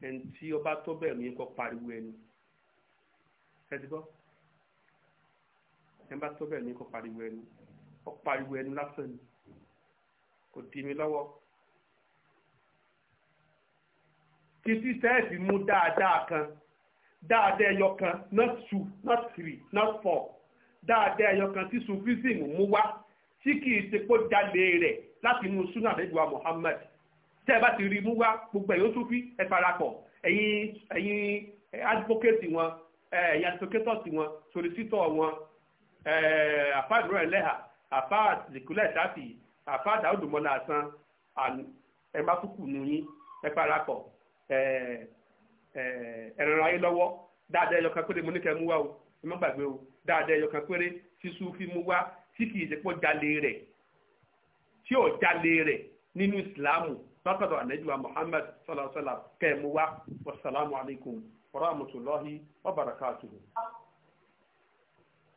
ẹni tí ọba tó bẹ̀rù yín kọ́ pariwo ẹni ẹ ti gbọ́ ẹ bá tó bẹ́ẹ̀ ní kó pariwo ẹnu ó pariwo ẹnu lásán ni kò dì mí lọ́wọ́ títí sẹ́ẹ̀sì mú dáadáa kan dáadáa ẹyọ kan not two not three not four dáadáa ẹyọ kan tí sufism mú wá tí kìí ṣe kó jalè rẹ̀ láti inú súnà àdéjúwa Muhammad tẹ́ ẹ bá ti rí mú wá gbogbo ẹ̀yọ́ sufi ẹ parapọ̀ ẹ̀yin ẹ̀yin advocate wọn ẹ̀yin advocators wọn solicitor wọn àfa eh, àdúrà ẹlẹ́hà àfa àdìkúlẹ̀ sáfì àfa àdáwòdò mọ́lá asan ẹ bá kúkú nù yín ẹ parapọ̀ eh, eh, ẹ̀rọ ayé lọ́wọ́ dáadáa ẹyọ o fi mú wá tí kì í ṣe pọ́ islamu rẹ̀ Muhammad sallallahu alaihi wa rahmatulahi wa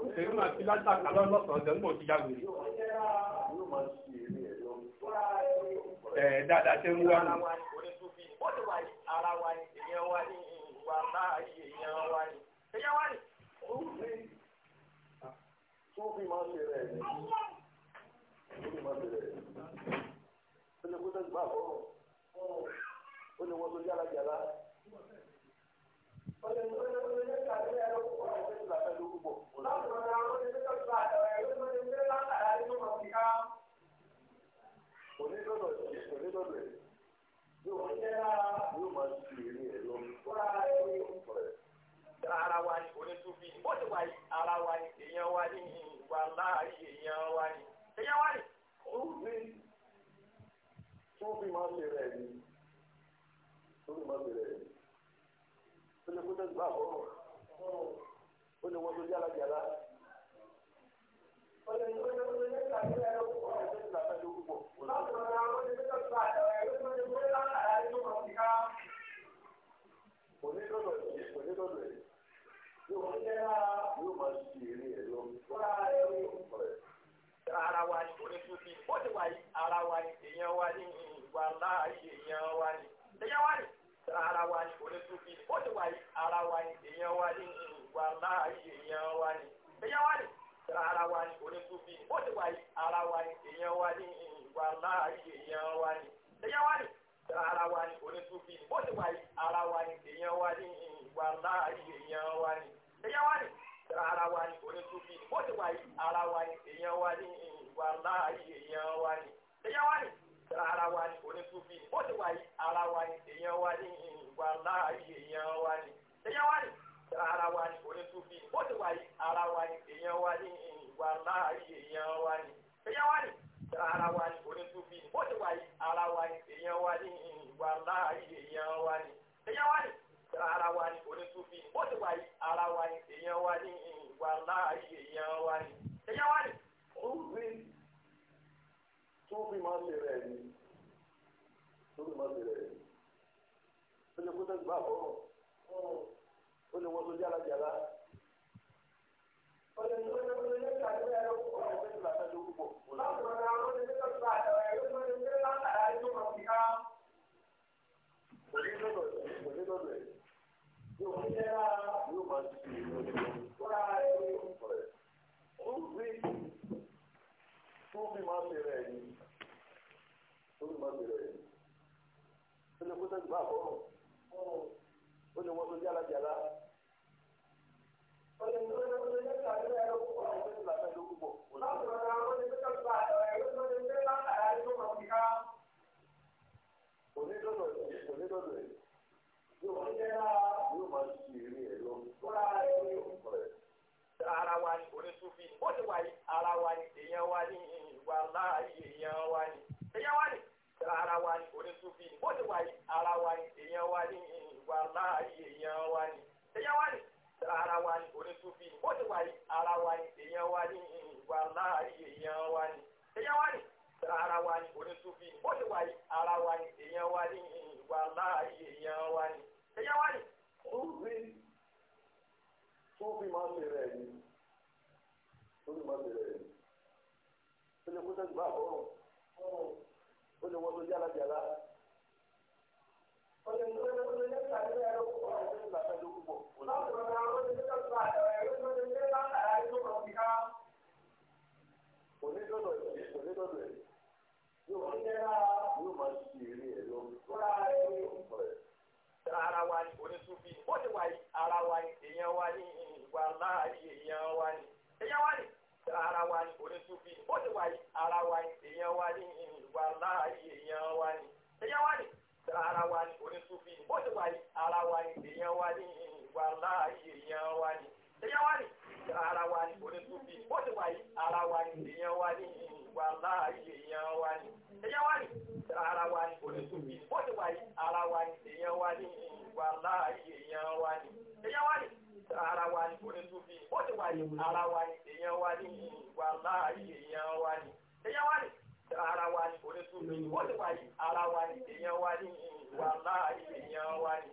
òṣèré máa fi látàkà lọ́sàn-án ọ̀sẹ̀ nígbà òjì jáwé
ẹ̀ dáadáa ṣe ń wá nù.
ara wa ni èèyàn wa ni ìwà máa yé èèyàn wa ni èèyàn wa ni.
tó fi máa ń ṣe rẹ̀ ni tó fi máa púpọ̀.
wa ni èèyàn wa ni ìwà láàyè èèyàn wa ni èèyàn wa ni ara wa ni onítúbí ni ó ti wà yìí ara wa ni èèyàn wa ni ìwà láàyè èèyàn wa ni èèyàn wa ni ara wa ni onítúbí ni ó ti wà yìí ara wa ni èèyàn wa ni ìwà láàyè èèyàn wa ni èèyàn wa ni ara wa ni onítúbí ni ó ti wà yìí ara wa ni èèyàn wa ni ìwà láàyè èèyàn wa ni èèyàn wa ni ara wa ni onítúbí ni ó ti wà yìí ara wa ni èèyàn wa ni ìwà láàyè èèyàn wa ni èèyàn wá ní ara wa ni onítúbí ó ti wà yìí ara wa ni èèyàn wá ní ìwà láàyè èèyàn wá ní èèyàn wá ní ara wa ni onítúbí ó ti wà yìí ara wa ni èèyàn wá ní ìwà láàyè èèyàn wá ní èèyàn wá ní ara wa ni onítúbí ó ti wà yìí ara wa ni èèyàn wá ní ìwà láàyè èèyàn wá ní èèyàn wá ní. ó
rí túbí máa ń lè rẹ̀ ni máa ń lè rẹ̀ ó lè kó tẹ́sí bá àbọ̀rọ̀. Hmm ó lè wọ́n tó jára jàrá. ọ̀sẹ̀ tó ń lọ sí ìgbàgbọ́ ẹ̀rọ púpọ̀ ọ̀sẹ̀ tó bàtà ló púpọ̀. láti wọn náà ó lè ní lọ́sọ̀ bàtà ẹ̀rọ tó ń lé látàrá ẹjọ́ wọn fi ká. kò ní lọ́dọ̀ ẹ̀ kò ní lọ́dọ̀ ẹ̀ yóò fi jẹ́ ra yóò máa ti fi ìlú kóra ẹ̀ ó rí tó fi máa bẹ̀rẹ̀ ẹ̀ yìí tó fi máa bẹ̀rẹ̀ ẹ̀ yìí ó lè kó sẹ́yìn bá àbọ̀rọ̀ ó lè wọ́n tó jára jàrá ara wa ni onisufi ó ti wà yìí
ara wa ni èèyàn wa ni ìwà láàyè èèyàn wa ni èèyàn wa ni ara wa ni onisufi ó ti wà yìí ara wa ni èèyàn wa ni ìwà láàyè èèyàn wa ni èèyàn wa ni ara wa ni onísùfì ó ní wà yìí ara wa ni èèyàn wa ni ìwà láàyè èèyàn wa ni èèyàn wa ni ara wa ni onísùfì ó ní wà yìí ara wa ni èèyàn wa ni ìwà láàyè èèyàn wa ni èèyàn wa ni.
sùfì sùfì máa ń lè rẹ̀ yìí sùfì máa ń lè rẹ̀ yìí ó lè kó sẹ́yìn bá àbọ̀rùn ó lè wọ́n tó yálà jàlá. ó lè ní ó lè ní ìgbà tó yẹ ara wa ni onisufi ó ní wa ni
ara wa ni èèyàn wa ni ìwà láàyè èèyàn wa ni èèyàn wa ni ara wa ni wa ni ara wa ni wa ni wa ni wa ni ara wa ni wa ni ara wa ni wa ni. wà láàyè èèyàn wa ni èèyàn wa ni ara wa ni kò ní tó bí bó ti wà yìí ara wa ni èèyàn wa ni wà láàyè èèyàn wa ni èèyàn wa ni ara wa ni kò ní tó bí bó ti wà yìí ara wa ni èèyàn wa ni wà láàyè ara wa ni èèyàn wa ni wà láàyè èèyàn wa ni.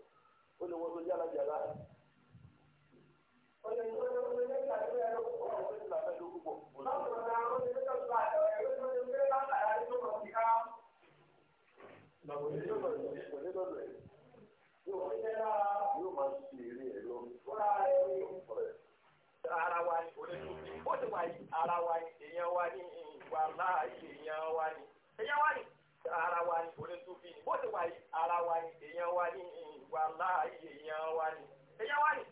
ó lè wọ́n tó yára jàrá. ọ̀sẹ̀ ìgbà tó ń lé ní àdúrà ẹ̀rọ pọ̀ ọ̀sẹ̀ ìgbà tó ń lé púpọ̀. báwo ni àwọn ọ̀sẹ̀ ìgbà tó ń lé ẹ̀rọ tó ń lé látàrí tó lọ sí ká. bàbá òní lọ́dọ̀ rẹ̀ òní lọ́dọ̀ rẹ̀ yóò fi jẹ́ lára yóò máa ṣe eré ẹ̀ lọ. fúnra rẹ̀ ni ara wa ni ó ti wà yìí ara
wa ni èèyàn wa ni ìwà láàyè èèyàn wa ni èèyàn wa ni ara wa ni onítúbí ni bó ti wà yìí ara wa ni èèyàn wa ni wà láàyè èèyàn wa ni èèyàn wa ni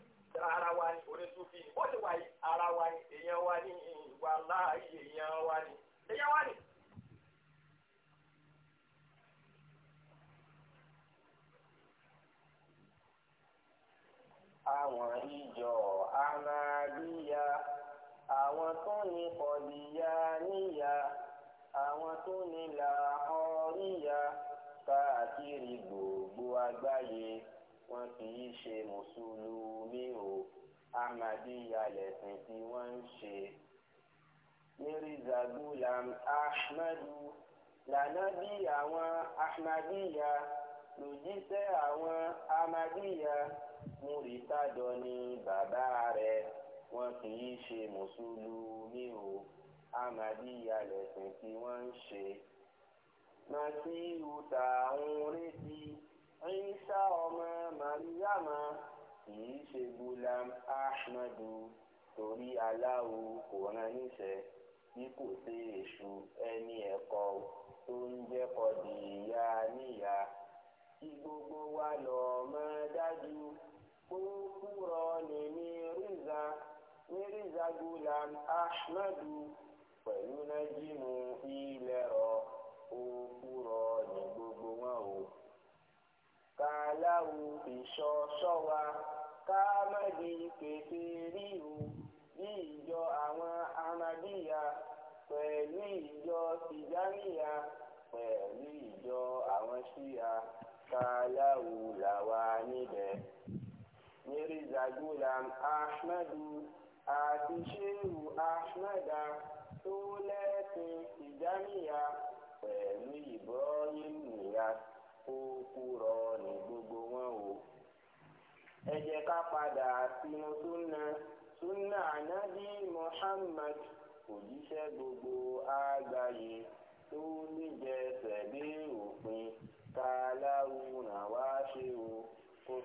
ara wa
àwọn ìjọ ahmadiyya àwọn tó ní kọdíyà níyà àwọn tó ní làhọríyà káàkiri gbòó agbáyé wọ́n fi í ṣe mùsùlùmí o ahmadiyya lẹ̀sìn tí wọ́n ń ṣe. mirza gulam ahmadu lànábì àwọn ahmadiyya lòjíṣẹ́ àwọn ahmadiyya múritádọ́ ni bàbá rẹ̀ wọ́n kì í ṣe mùsùlùmí o ahmadiyya lẹ̀sìn tí wọ́n ń ṣe. màsíù tà ń retí. Ìsá ọmọ Màríyàmá kìí ṣe Gulam Ahmadu torí Allahu kò rán níṣẹ́ tí kò sí èṣù ẹni ẹ̀kọ́ tó ń jẹ́kọ̀ dì ìyá níyà. Kí gbogbo wa lọ mọ̀ dájú pé kúrọ ni Mírízà Mírízà Gulam Ahmadu pẹ̀lú nájímù ilẹ̀ rọ̀ ó kúrọ nígbà kàláwù ìṣọ ṣọwa káàmàdì pèsè ríru bí ìjọ àwọn amadíyà pẹ̀lú ìjọ tìjáníyà pẹ̀lú ìjọ àwọn ṣíyà kàláwù làwà níbẹ̀. mirza gulam ahmadu àti shehu ahmada tó lẹ́sìn tìjáníyà pẹ̀lú ibrahim niyas. kó kúrọ ní gbogbo wọn o. ẹ jẹ́ ká padà sínú súnà súnà ànábì Muhammad òjíṣẹ́ gbogbo àgbáyé tó lè jẹsẹ̀ dé òpin ká láwùrán wá ṣe o.